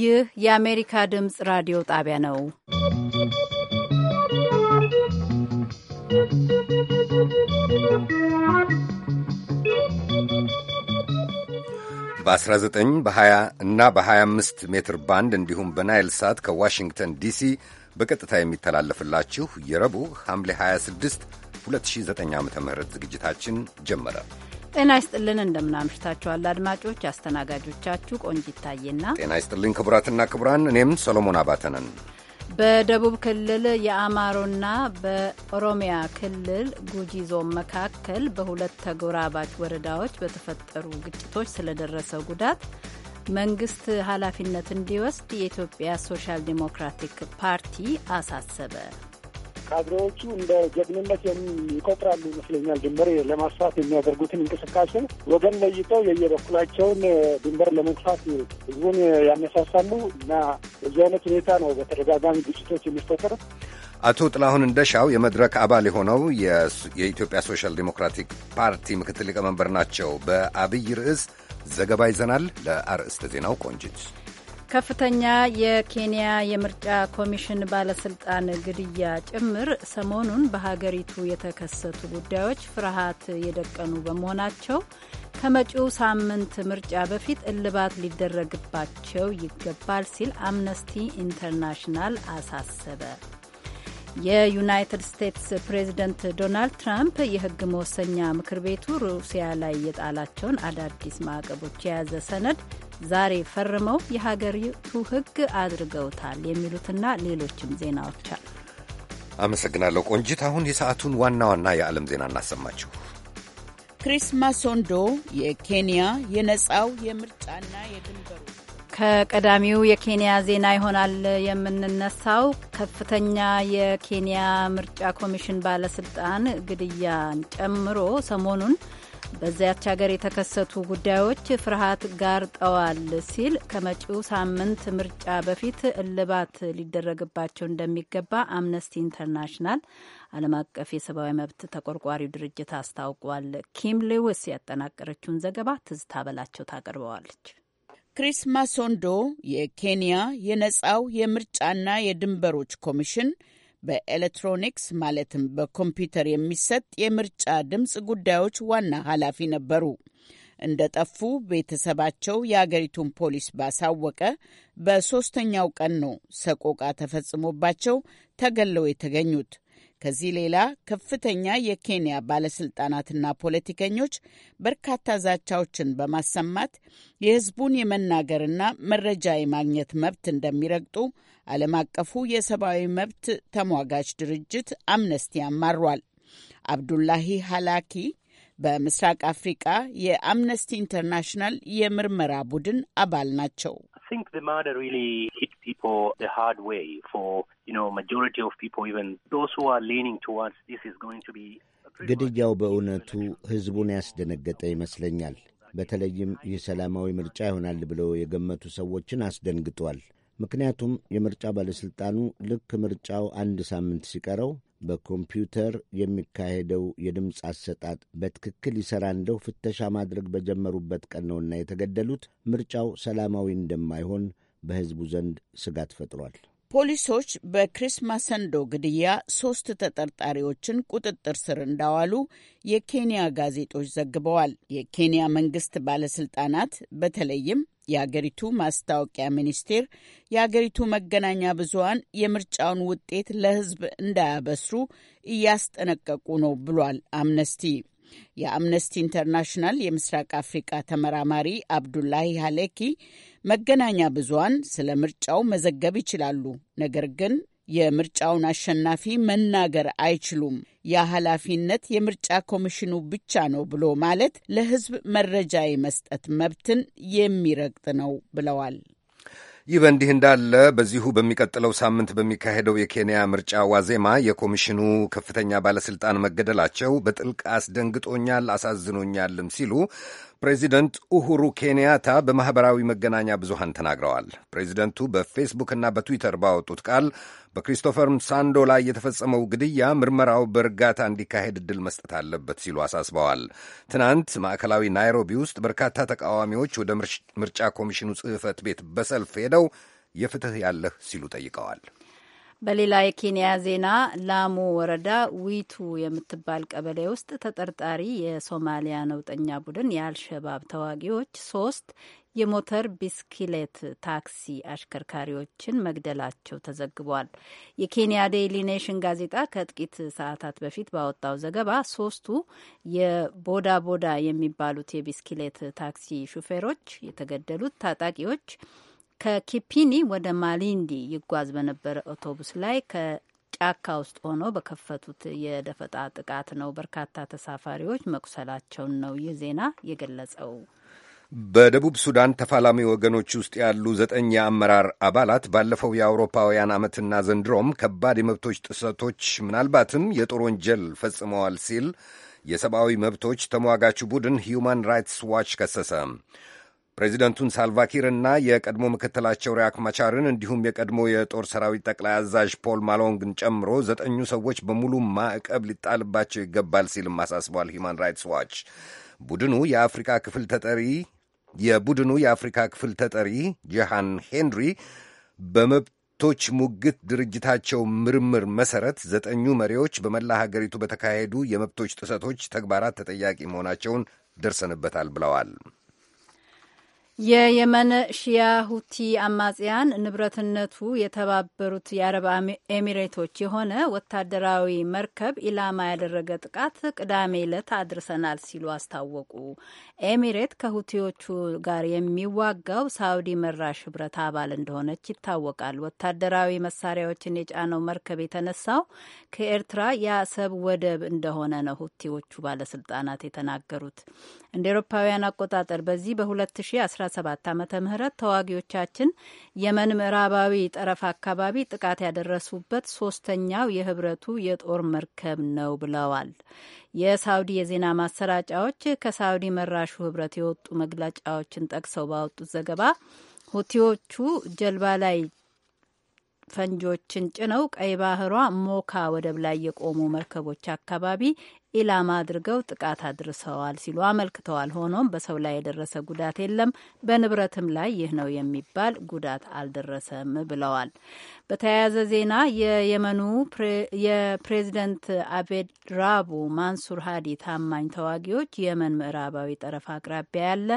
ይህ የአሜሪካ ድምፅ ራዲዮ ጣቢያ ነው። በ19 በ20 እና በ25 ሜትር ባንድ እንዲሁም በናይል ሳት ከዋሽንግተን ዲሲ በቀጥታ የሚተላለፍላችሁ የረቡዕ ሐምሌ 26 2009 ዓ ም ዝግጅታችን ጀመረ። ጤና ይስጥልን እንደምናምሽታችኋል አድማጮች። አስተናጋጆቻችሁ ቆንጅ ይታየና ጤና ይስጥልኝ ክቡራትና ክቡራን፣ እኔም ሰሎሞን አባተ ነን። በደቡብ ክልል የአማሮና በኦሮሚያ ክልል ጉጂ ዞን መካከል በሁለት ተጎራባች ወረዳዎች በተፈጠሩ ግጭቶች ስለደረሰው ጉዳት መንግስት ኃላፊነት እንዲወስድ የኢትዮጵያ ሶሻል ዲሞክራቲክ ፓርቲ አሳሰበ። ካድሬዎቹ እንደ ጀግንነት ይቆጥራሉ ይመስለኛል። ድንበር ለማስፋት የሚያደርጉትን እንቅስቃሴ ወገን ለይተው የየበኩላቸውን ድንበር ለመግፋት ህዝቡን ያነሳሳሉ እና በዚህ አይነት ሁኔታ ነው በተደጋጋሚ ግጭቶች የሚፈጠር። አቶ ጥላሁን እንደሻው የመድረክ አባል የሆነው የኢትዮጵያ ሶሻል ዲሞክራቲክ ፓርቲ ምክትል ሊቀመንበር ናቸው። በአብይ ርዕስ ዘገባ ይዘናል። ለአርእስተ ዜናው ቆንጅት ከፍተኛ የኬንያ የምርጫ ኮሚሽን ባለስልጣን ግድያ ጭምር ሰሞኑን በሀገሪቱ የተከሰቱ ጉዳዮች ፍርሃት የደቀኑ በመሆናቸው ከመጪው ሳምንት ምርጫ በፊት እልባት ሊደረግባቸው ይገባል ሲል አምነስቲ ኢንተርናሽናል አሳሰበ። የዩናይትድ ስቴትስ ፕሬዝደንት ዶናልድ ትራምፕ የሕግ መወሰኛ ምክር ቤቱ ሩሲያ ላይ የጣላቸውን አዳዲስ ማዕቀቦች የያዘ ሰነድ ዛሬ ፈርመው የሀገሪቱ ሕግ አድርገውታል የሚሉትና ሌሎችም ዜናዎች አሉ። አመሰግናለሁ ቆንጂት። አሁን የሰዓቱን ዋና ዋና የዓለም ዜና እናሰማችሁ። ክሪስ ማሶንዶ የኬንያ የነፃው የምርጫና የድንበሩ ከቀዳሚው የኬንያ ዜና ይሆናል የምንነሳው። ከፍተኛ የኬንያ ምርጫ ኮሚሽን ባለስልጣን ግድያን ጨምሮ ሰሞኑን በዚያች ሀገር የተከሰቱ ጉዳዮች ፍርሃት ጋርጠዋል ሲል ከመጪው ሳምንት ምርጫ በፊት እልባት ሊደረግባቸው እንደሚገባ አምነስቲ ኢንተርናሽናል ዓለም አቀፍ የሰብአዊ መብት ተቆርቋሪው ድርጅት አስታውቋል። ኪም ሌዊስ ያጠናቀረችውን ዘገባ ትዝታ በላቸው ታቀርበዋለች። ክሪስ ማሶንዶ የኬንያ የነጻው የምርጫና የድንበሮች ኮሚሽን በኤሌክትሮኒክስ ማለትም በኮምፒውተር የሚሰጥ የምርጫ ድምፅ ጉዳዮች ዋና ኃላፊ ነበሩ። እንደ ጠፉ ቤተሰባቸው የአገሪቱን ፖሊስ ባሳወቀ በሦስተኛው ቀን ነው ሰቆቃ ተፈጽሞባቸው ተገለው የተገኙት። ከዚህ ሌላ ከፍተኛ የኬንያ ባለስልጣናትና ፖለቲከኞች በርካታ ዛቻዎችን በማሰማት የሕዝቡን የመናገርና መረጃ የማግኘት መብት እንደሚረግጡ ዓለም አቀፉ የሰብአዊ መብት ተሟጋች ድርጅት አምነስቲ አማሯል። አብዱላሂ ሃላኪ በምስራቅ አፍሪቃ የአምነስቲ ኢንተርናሽናል የምርመራ ቡድን አባል ናቸው። ግድያው በእውነቱ ሕዝቡን ያስደነገጠ ይመስለኛል። በተለይም ይህ ሰላማዊ ምርጫ ይሆናል ብለው የገመቱ ሰዎችን አስደንግጧል። ምክንያቱም የምርጫ ባለሥልጣኑ ልክ ምርጫው አንድ ሳምንት ሲቀረው በኮምፒውተር የሚካሄደው የድምፅ አሰጣጥ በትክክል ይሠራ እንደው ፍተሻ ማድረግ በጀመሩበት ቀን ነውና የተገደሉት። ምርጫው ሰላማዊ እንደማይሆን በሕዝቡ ዘንድ ስጋት ፈጥሯል። ፖሊሶች በክሪስማስ ሰንዶ ግድያ ሦስት ተጠርጣሪዎችን ቁጥጥር ስር እንዳዋሉ የኬንያ ጋዜጦች ዘግበዋል። የኬንያ መንግሥት ባለሥልጣናት በተለይም የአገሪቱ ማስታወቂያ ሚኒስቴር የአገሪቱ መገናኛ ብዙሃን የምርጫውን ውጤት ለሕዝብ እንዳያበስሩ እያስጠነቀቁ ነው ብሏል አምነስቲ። የአምነስቲ ኢንተርናሽናል የምስራቅ አፍሪቃ ተመራማሪ አብዱላሂ ሀሌኪ መገናኛ ብዙሃን ስለ ምርጫው መዘገብ ይችላሉ፣ ነገር ግን የምርጫውን አሸናፊ መናገር አይችሉም። ያ ኃላፊነት የምርጫ ኮሚሽኑ ብቻ ነው ብሎ ማለት ለሕዝብ መረጃ የመስጠት መብትን የሚረግጥ ነው ብለዋል። ይህ በእንዲህ እንዳለ በዚሁ በሚቀጥለው ሳምንት በሚካሄደው የኬንያ ምርጫ ዋዜማ የኮሚሽኑ ከፍተኛ ባለስልጣን መገደላቸው በጥልቅ አስደንግጦኛል፣ አሳዝኖኛልም ሲሉ ፕሬዚደንት ኡሁሩ ኬንያታ በማኅበራዊ መገናኛ ብዙሃን ተናግረዋል። ፕሬዚደንቱ በፌስቡክና በትዊተር ባወጡት ቃል በክሪስቶፈር ሳንዶ ላይ የተፈጸመው ግድያ ምርመራው በእርጋታ እንዲካሄድ እድል መስጠት አለበት ሲሉ አሳስበዋል። ትናንት ማዕከላዊ ናይሮቢ ውስጥ በርካታ ተቃዋሚዎች ወደ ምርጫ ኮሚሽኑ ጽሕፈት ቤት በሰልፍ ሄደው የፍትህ ያለህ ሲሉ ጠይቀዋል። በሌላ የኬንያ ዜና ላሙ ወረዳ ዊቱ የምትባል ቀበሌ ውስጥ ተጠርጣሪ የሶማሊያ ነውጠኛ ቡድን የአልሸባብ ተዋጊዎች ሶስት የሞተር ቢስክሌት ታክሲ አሽከርካሪዎችን መግደላቸው ተዘግቧል። የኬንያ ዴይሊ ኔሽን ጋዜጣ ከጥቂት ሰዓታት በፊት ባወጣው ዘገባ ሶስቱ የቦዳ ቦዳ የሚባሉት የቢስክሌት ታክሲ ሹፌሮች የተገደሉት ታጣቂዎች ከኪፒኒ ወደ ማሊንዲ ይጓዝ በነበረ አውቶቡስ ላይ ጫካ ውስጥ ሆኖ በከፈቱት የደፈጣ ጥቃት ነው። በርካታ ተሳፋሪዎች መቁሰላቸውን ነው ይህ ዜና የገለጸው። በደቡብ ሱዳን ተፋላሚ ወገኖች ውስጥ ያሉ ዘጠኝ የአመራር አባላት ባለፈው የአውሮፓውያን ዓመትና ዘንድሮም ከባድ የመብቶች ጥሰቶች ምናልባትም የጦር ወንጀል ፈጽመዋል ሲል የሰብአዊ መብቶች ተሟጋቹ ቡድን ሂዩማን ራይትስ ዋች ከሰሰ። ፕሬዚደንቱን ሳልቫኪርና የቀድሞ ምክትላቸው ሪያክ ማቻርን እንዲሁም የቀድሞ የጦር ሰራዊት ጠቅላይ አዛዥ ፖል ማሎንግን ጨምሮ ዘጠኙ ሰዎች በሙሉ ማዕቀብ ሊጣልባቸው ይገባል ሲልም አሳስቧል ሂዩማን ራይትስ ዋች። ቡድኑ የአፍሪካ ክፍል ተጠሪ የቡድኑ የአፍሪካ ክፍል ተጠሪ ጀሃን ሄንሪ በመብቶች ሙግት ድርጅታቸው ምርምር መሰረት ዘጠኙ መሪዎች በመላ ሀገሪቱ በተካሄዱ የመብቶች ጥሰቶች ተግባራት ተጠያቂ መሆናቸውን ደርሰንበታል ብለዋል። የየመን ሺያ ሁቲ አማጽያን ንብረትነቱ የተባበሩት የአረብ ኤሚሬቶች የሆነ ወታደራዊ መርከብ ኢላማ ያደረገ ጥቃት ቅዳሜ ዕለት አድርሰናል ሲሉ አስታወቁ። ኤሚሬት ከሁቲዎቹ ጋር የሚዋጋው ሳውዲ መራሽ ህብረት አባል እንደሆነች ይታወቃል። ወታደራዊ መሳሪያዎችን የጫነው መርከብ የተነሳው ከኤርትራ የአሰብ ወደብ እንደሆነ ነው ሁቲዎቹ ባለስልጣናት የተናገሩት። እንደ ኤሮፓውያን አቆጣጠር በዚህ በ2017 ዓመተ ምህረት ተዋጊዎቻችን የመን ምዕራባዊ ጠረፍ አካባቢ ጥቃት ያደረሱበት ሶስተኛው የህብረቱ የጦር መርከብ ነው ብለዋል። የሳውዲ የዜና ማሰራጫዎች ከሳውዲ መራሹ ህብረት የወጡ መግለጫዎችን ጠቅሰው ባወጡት ዘገባ ሁቲዎቹ ጀልባ ላይ ፈንጂዎችን ጭነው ቀይ ባህሯ ሞካ ወደብ ላይ የቆሙ መርከቦች አካባቢ ኢላማ አድርገው ጥቃት አድርሰዋል ሲሉ አመልክተዋል። ሆኖም በሰው ላይ የደረሰ ጉዳት የለም፣ በንብረትም ላይ ይህ ነው የሚባል ጉዳት አልደረሰም ብለዋል። በተያያዘ ዜና የየመኑ የፕሬዚደንት አቤድ ራቡ ማንሱር ሀዲ ታማኝ ተዋጊዎች የመን ምዕራባዊ ጠረፍ አቅራቢያ ያለ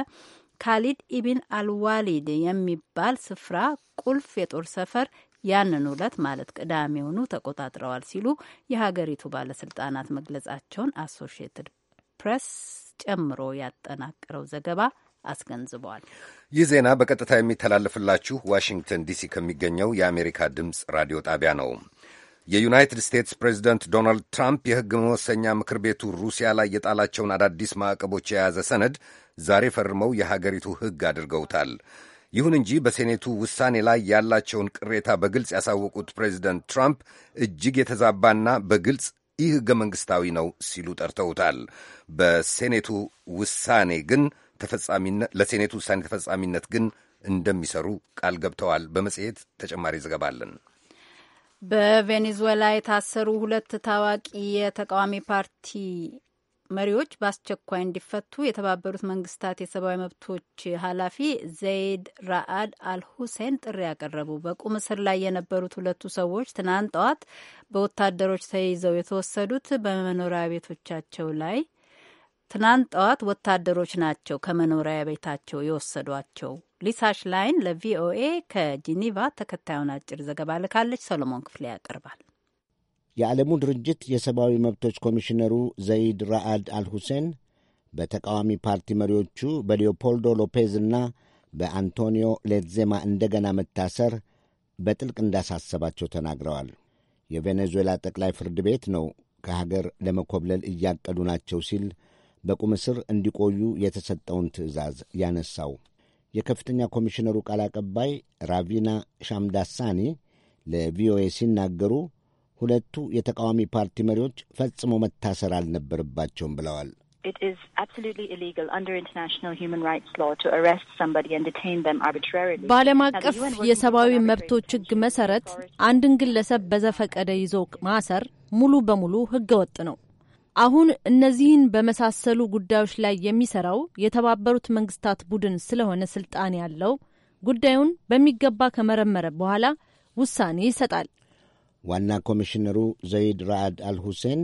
ካሊድ ኢብን አልዋሊድ የሚባል ስፍራ ቁልፍ የጦር ሰፈር ያንን ዕለት ማለት ቅዳሜውኑ ተቆጣጥረዋል ሲሉ የሀገሪቱ ባለስልጣናት መግለጻቸውን አሶሽየትድ ፕሬስ ጨምሮ ያጠናቀረው ዘገባ አስገንዝበዋል። ይህ ዜና በቀጥታ የሚተላለፍላችሁ ዋሽንግተን ዲሲ ከሚገኘው የአሜሪካ ድምፅ ራዲዮ ጣቢያ ነው። የዩናይትድ ስቴትስ ፕሬዚደንት ዶናልድ ትራምፕ የሕግ መወሰኛ ምክር ቤቱ ሩሲያ ላይ የጣላቸውን አዳዲስ ማዕቀቦች የያዘ ሰነድ ዛሬ ፈርመው የሀገሪቱ ሕግ አድርገውታል። ይሁን እንጂ በሴኔቱ ውሳኔ ላይ ያላቸውን ቅሬታ በግልጽ ያሳወቁት ፕሬዚደንት ትራምፕ እጅግ የተዛባና በግልጽ ይህ ሕገ መንግሥታዊ ነው ሲሉ ጠርተውታል። በሴኔቱ ውሳኔ ግን ተፈጻሚነት ለሴኔቱ ውሳኔ ተፈጻሚነት ግን እንደሚሰሩ ቃል ገብተዋል። በመጽሔት ተጨማሪ ዘገባ አለን። በቬኔዙዌላ የታሰሩ ሁለት ታዋቂ የተቃዋሚ ፓርቲ መሪዎች በአስቸኳይ እንዲፈቱ የተባበሩት መንግስታት የሰብአዊ መብቶች ኃላፊ ዘይድ ራአድ አልሁሴን ጥሪ ያቀረቡ። በቁም እስር ላይ የነበሩት ሁለቱ ሰዎች ትናንት ጠዋት በወታደሮች ተይዘው የተወሰዱት በመኖሪያ ቤቶቻቸው ላይ ትናንት ጠዋት ወታደሮች ናቸው ከመኖሪያ ቤታቸው የወሰዷቸው። ሊሳሽ ላይን ለቪኦኤ ከጂኒቫ ተከታዩን አጭር ዘገባ ልካለች። ሰሎሞን ክፍሌ ያቀርባል። የዓለሙ ድርጅት የሰብአዊ መብቶች ኮሚሽነሩ ዘይድ ራአድ አልሁሴን በተቃዋሚ ፓርቲ መሪዎቹ በሊዮፖልዶ ሎፔዝና በአንቶኒዮ ሌትዜማ እንደገና መታሰር በጥልቅ እንዳሳሰባቸው ተናግረዋል። የቬኔዙዌላ ጠቅላይ ፍርድ ቤት ነው ከሀገር ለመኮብለል እያቀዱ ናቸው ሲል በቁም እስር እንዲቆዩ የተሰጠውን ትዕዛዝ ያነሳው። የከፍተኛ ኮሚሽነሩ ቃል አቀባይ ራቪና ሻምዳሳኒ ለቪኦኤ ሲናገሩ ሁለቱ የተቃዋሚ ፓርቲ መሪዎች ፈጽሞ መታሰር አልነበረባቸውም ብለዋል። በዓለም አቀፍ የሰብአዊ መብቶች ሕግ መሰረት አንድን ግለሰብ በዘፈቀደ ይዞ ማሰር ሙሉ በሙሉ ወጥ ነው። አሁን እነዚህን በመሳሰሉ ጉዳዮች ላይ የሚሰራው የተባበሩት መንግስታት ቡድን ስለሆነ ስልጣን ያለው ጉዳዩን በሚገባ ከመረመረ በኋላ ውሳኔ ይሰጣል። ዋና ኮሚሽነሩ ዘይድ ራአድ አልሁሴን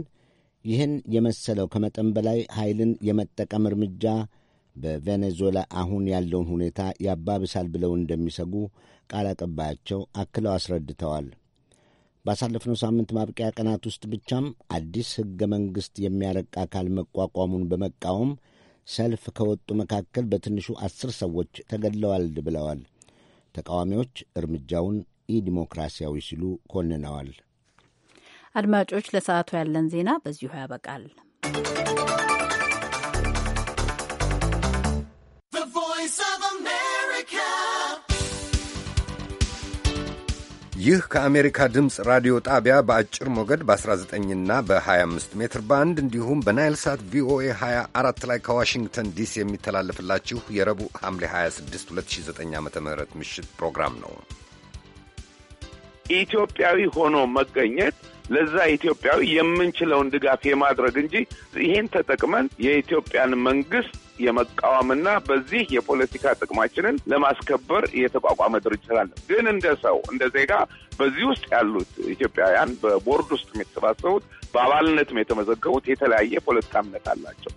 ይህን የመሰለው ከመጠን በላይ ኃይልን የመጠቀም እርምጃ በቬኔዙዌላ አሁን ያለውን ሁኔታ ያባብሳል ብለው እንደሚሰጉ ቃል አቀባያቸው አክለው አስረድተዋል። ባሳለፍነው ሳምንት ማብቂያ ቀናት ውስጥ ብቻም አዲስ ሕገ መንግሥት የሚያረቅ አካል መቋቋሙን በመቃወም ሰልፍ ከወጡ መካከል በትንሹ አስር ሰዎች ተገድለዋል ብለዋል። ተቃዋሚዎች እርምጃውን ኢዲሞክራሲያዊ ሲሉ ኮንነዋል። አድማጮች፣ ለሰዓቱ ያለን ዜና በዚሁ ያበቃል። ይህ ከአሜሪካ ድምፅ ራዲዮ ጣቢያ በአጭር ሞገድ በ19ና በ25 ሜትር ባንድ እንዲሁም በናይል ሳት ቪኦኤ 24 ላይ ከዋሽንግተን ዲሲ የሚተላለፍላችሁ የረቡዕ ሐምሌ 26 2009 ዓ ም ምሽት ፕሮግራም ነው። ኢትዮጵያዊ ሆኖ መገኘት ለዛ ኢትዮጵያዊ የምንችለውን ድጋፍ የማድረግ እንጂ ይህን ተጠቅመን የኢትዮጵያን መንግስት የመቃወምና በዚህ የፖለቲካ ጥቅማችንን ለማስከበር የተቋቋመ ድርጅት አለ። ግን እንደ ሰው እንደ ዜጋ በዚህ ውስጥ ያሉት ኢትዮጵያውያን በቦርድ ውስጥ የተሰባሰቡት በአባልነትም የተመዘገቡት የተለያየ ፖለቲካ እምነት አላቸው።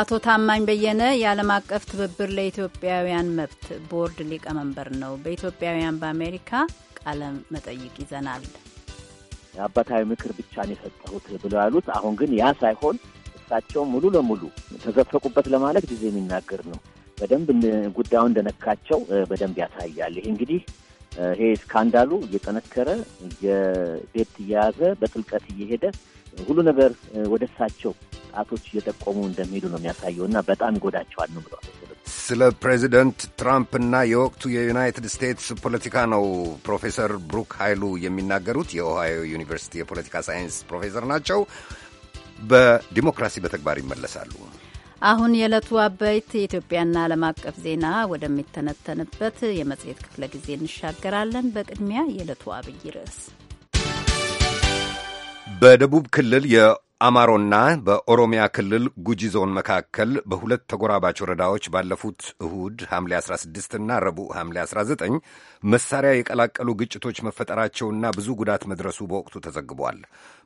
አቶ ታማኝ በየነ የዓለም አቀፍ ትብብር ለኢትዮጵያውያን መብት ቦርድ ሊቀመንበር ነው። በኢትዮጵያውያን በአሜሪካ ቃለ መጠይቅ ይዘናል። አባታዊ ምክር ብቻ ነው የሰጠሁት ብለው ያሉት አሁን ግን ያ ሳይሆን እሳቸው ሙሉ ለሙሉ ተዘፈቁበት ለማለት ጊዜ የሚናገር ነው። በደንብ ጉዳዩ እንደነካቸው በደንብ ያሳያል። ይህ እንግዲህ ይሄ ስካንዳሉ እየጠነከረ የቤት እየያዘ በጥልቀት እየሄደ ሁሉ ነገር ወደ እሳቸው ጣቶች እየጠቆሙ እንደሚሄዱ ነው የሚያሳየው እና በጣም ይጎዳቸዋል ነው ብለዋል። ስለ ፕሬዚደንት ትራምፕና የወቅቱ የዩናይትድ ስቴትስ ፖለቲካ ነው ፕሮፌሰር ብሩክ ኃይሉ የሚናገሩት። የኦሃዮ ዩኒቨርሲቲ የፖለቲካ ሳይንስ ፕሮፌሰር ናቸው። በዲሞክራሲ በተግባር ይመለሳሉ። አሁን የዕለቱ አበይት የኢትዮጵያና ዓለም አቀፍ ዜና ወደሚተነተንበት የመጽሔት ክፍለ ጊዜ እንሻገራለን። በቅድሚያ የዕለቱ አብይ ርዕስ በደቡብ ክልል በአማሮና በኦሮሚያ ክልል ጉጂ ዞን መካከል በሁለት ተጎራባች ወረዳዎች ባለፉት እሁድ ሐምሌ 16 እና ረቡዕ ሐምሌ 19 መሳሪያ የቀላቀሉ ግጭቶች መፈጠራቸውና ብዙ ጉዳት መድረሱ በወቅቱ ተዘግቧል።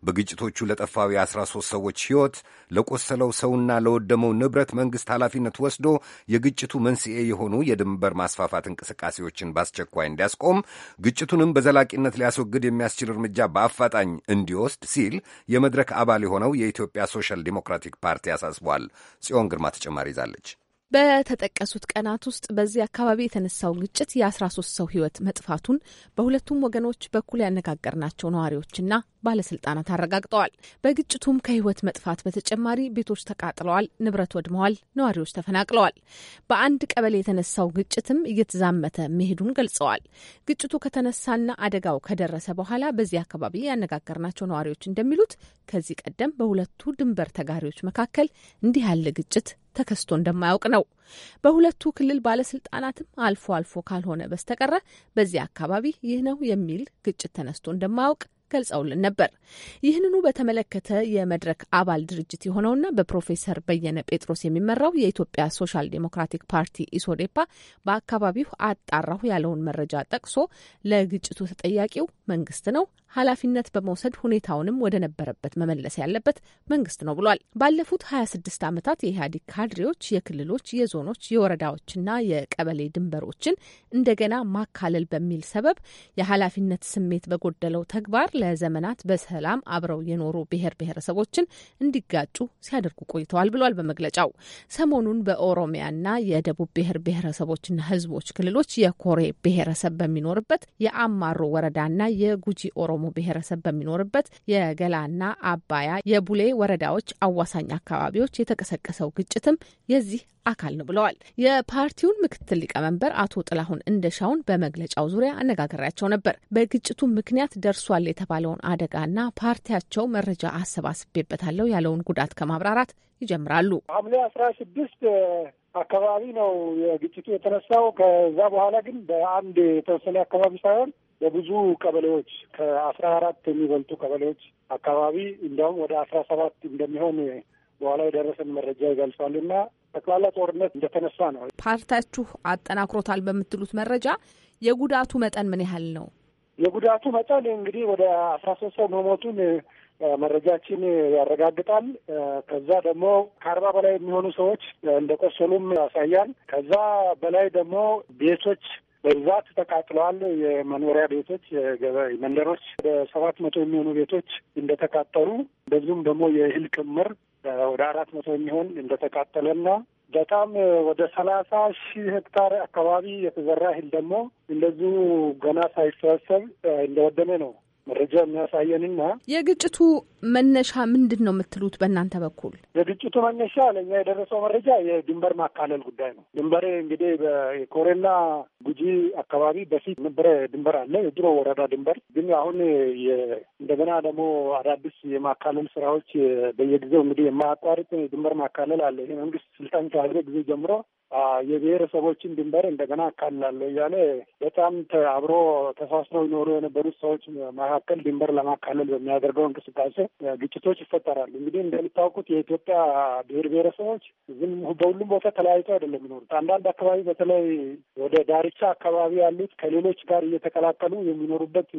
በግጭቶቹ ለጠፋው የ13 ሰዎች ሕይወት ለቆሰለው ሰውና ለወደመው ንብረት መንግሥት ኃላፊነት ወስዶ የግጭቱ መንስኤ የሆኑ የድንበር ማስፋፋት እንቅስቃሴዎችን በአስቸኳይ እንዲያስቆም ግጭቱንም በዘላቂነት ሊያስወግድ የሚያስችል እርምጃ በአፋጣኝ እንዲወስድ ሲል የመድረክ አባል የሆነው የኢትዮጵያ ሶሻል ዲሞክራቲክ ፓርቲ አሳስቧል። ጽዮን ግርማ ተጨማሪ ይዛለች። በተጠቀሱት ቀናት ውስጥ በዚህ አካባቢ የተነሳው ግጭት የ13 ሰው ህይወት መጥፋቱን በሁለቱም ወገኖች በኩል ያነጋገርናቸው ነዋሪዎችና ባለስልጣናት አረጋግጠዋል። በግጭቱም ከህይወት መጥፋት በተጨማሪ ቤቶች ተቃጥለዋል፣ ንብረት ወድመዋል፣ ነዋሪዎች ተፈናቅለዋል። በአንድ ቀበሌ የተነሳው ግጭትም እየተዛመተ መሄዱን ገልጸዋል። ግጭቱ ከተነሳና አደጋው ከደረሰ በኋላ በዚህ አካባቢ ያነጋገርናቸው ነዋሪዎች እንደሚሉት ከዚህ ቀደም በሁለቱ ድንበር ተጋሪዎች መካከል እንዲህ ያለ ግጭት ተከስቶ እንደማያውቅ ነው። በሁለቱ ክልል ባለስልጣናትም አልፎ አልፎ ካልሆነ በስተቀረ በዚህ አካባቢ ይህ ነው የሚል ግጭት ተነስቶ እንደማያውቅ ገልጸውልን ነበር። ይህንኑ በተመለከተ የመድረክ አባል ድርጅት የሆነውና በፕሮፌሰር በየነ ጴጥሮስ የሚመራው የኢትዮጵያ ሶሻል ዴሞክራቲክ ፓርቲ ኢሶዴፓ በአካባቢው አጣራሁ ያለውን መረጃ ጠቅሶ ለግጭቱ ተጠያቂው መንግስት ነው፣ ኃላፊነት በመውሰድ ሁኔታውንም ወደ ነበረበት መመለስ ያለበት መንግስት ነው ብሏል። ባለፉት 26 ዓመታት የኢህአዴግ ካድሬዎች የክልሎች፣ የዞኖች፣ የወረዳዎችና የቀበሌ ድንበሮችን እንደገና ማካለል በሚል ሰበብ የኃላፊነት ስሜት በጎደለው ተግባር ለዘመናት በሰላም አብረው የኖሩ ብሔር ብሔረሰቦችን እንዲጋጩ ሲያደርጉ ቆይተዋል ብሏል በመግለጫው። ሰሞኑን በኦሮሚያና የደቡብ ብሔር ብሔረሰቦችና ህዝቦች ክልሎች የኮሬ ብሔረሰብ በሚኖርበት የአማሮ ወረዳና የጉጂ ኦሮሞ ብሔረሰብ በሚኖርበት የገላና አባያ የቡሌ ወረዳዎች አዋሳኝ አካባቢዎች የተቀሰቀሰው ግጭትም የዚህ አካል ነው ብለዋል። የፓርቲውን ምክትል ሊቀመንበር አቶ ጥላሁን እንደሻውን በመግለጫው ዙሪያ አነጋገሪያቸው ነበር። በግጭቱ ምክንያት ደርሷል የተባለውን አደጋና ፓርቲያቸው መረጃ አሰባስቤበታለሁ ያለውን ጉዳት ከማብራራት ይጀምራሉ። ሐምሌ አስራ ስድስት አካባቢ ነው የግጭቱ የተነሳው። ከዛ በኋላ ግን በአንድ የተወሰነ አካባቢ ሳይሆን በብዙ ቀበሌዎች ከአስራ አራት የሚበልጡ ቀበሌዎች አካባቢ እንዲያውም ወደ አስራ ሰባት እንደሚሆን በኋላ የደረሰን መረጃ ይገልጻል እና ጠቅላላ ጦርነት እንደተነሳ ነው። ፓርታችሁ አጠናክሮታል በምትሉት መረጃ የጉዳቱ መጠን ምን ያህል ነው? የጉዳቱ መጠን እንግዲህ ወደ አስራ ሶስት ሰው መሞቱን መረጃችን ያረጋግጣል። ከዛ ደግሞ ከአርባ በላይ የሚሆኑ ሰዎች እንደቆሰሉም ያሳያል። ከዛ በላይ ደግሞ ቤቶች በብዛት ተቃጥለዋል። የመኖሪያ ቤቶች፣ መንደሮች ወደ ሰባት መቶ የሚሆኑ ቤቶች እንደተቃጠሉ እንደዚሁም ደግሞ የእህል ክምር ወደ አራት መቶ የሚሆን እንደተቃጠለና በጣም ወደ ሰላሳ ሺህ ሄክታር አካባቢ የተዘራ እህል ደግሞ እንደዚሁ ገና ሳይሰበሰብ እንደወደመ ነው መረጃ የሚያሳየንና የግጭቱ መነሻ ምንድን ነው የምትሉት? በእናንተ በኩል የግጭቱ መነሻ ለእኛ የደረሰው መረጃ የድንበር ማካለል ጉዳይ ነው። ድንበር እንግዲህ በኮሬላ ጉጂ አካባቢ በፊት ነበረ ድንበር አለ፣ የድሮ ወረዳ ድንበር ግን አሁን እንደገና ደግሞ አዳዲስ የማካለል ስራዎች በየጊዜው እንግዲህ የማያቋርጥ ድንበር ማካለል አለ። ይህ መንግስት ስልጣን ከያዘ ጊዜ ጀምሮ የብሔረሰቦችን ድንበር እንደገና አካልላለ እያለ በጣም አብሮ ተሳስረው ይኖሩ የነበሩት ሰዎች መካከል ድንበር ለማካለል በሚያደርገው እንቅስቃሴ ግጭቶች ይፈጠራሉ። እንግዲህ እንደምታውቁት የኢትዮጵያ ብሔር ብሔረሰቦች ዝም በሁሉም ቦታ ተለያይቶ አይደለም የሚኖሩት። አንዳንድ አካባቢ በተለይ ወደ ዳርቻ አካባቢ ያሉት ከሌሎች ጋር እየተቀላቀሉ የሚኖሩበት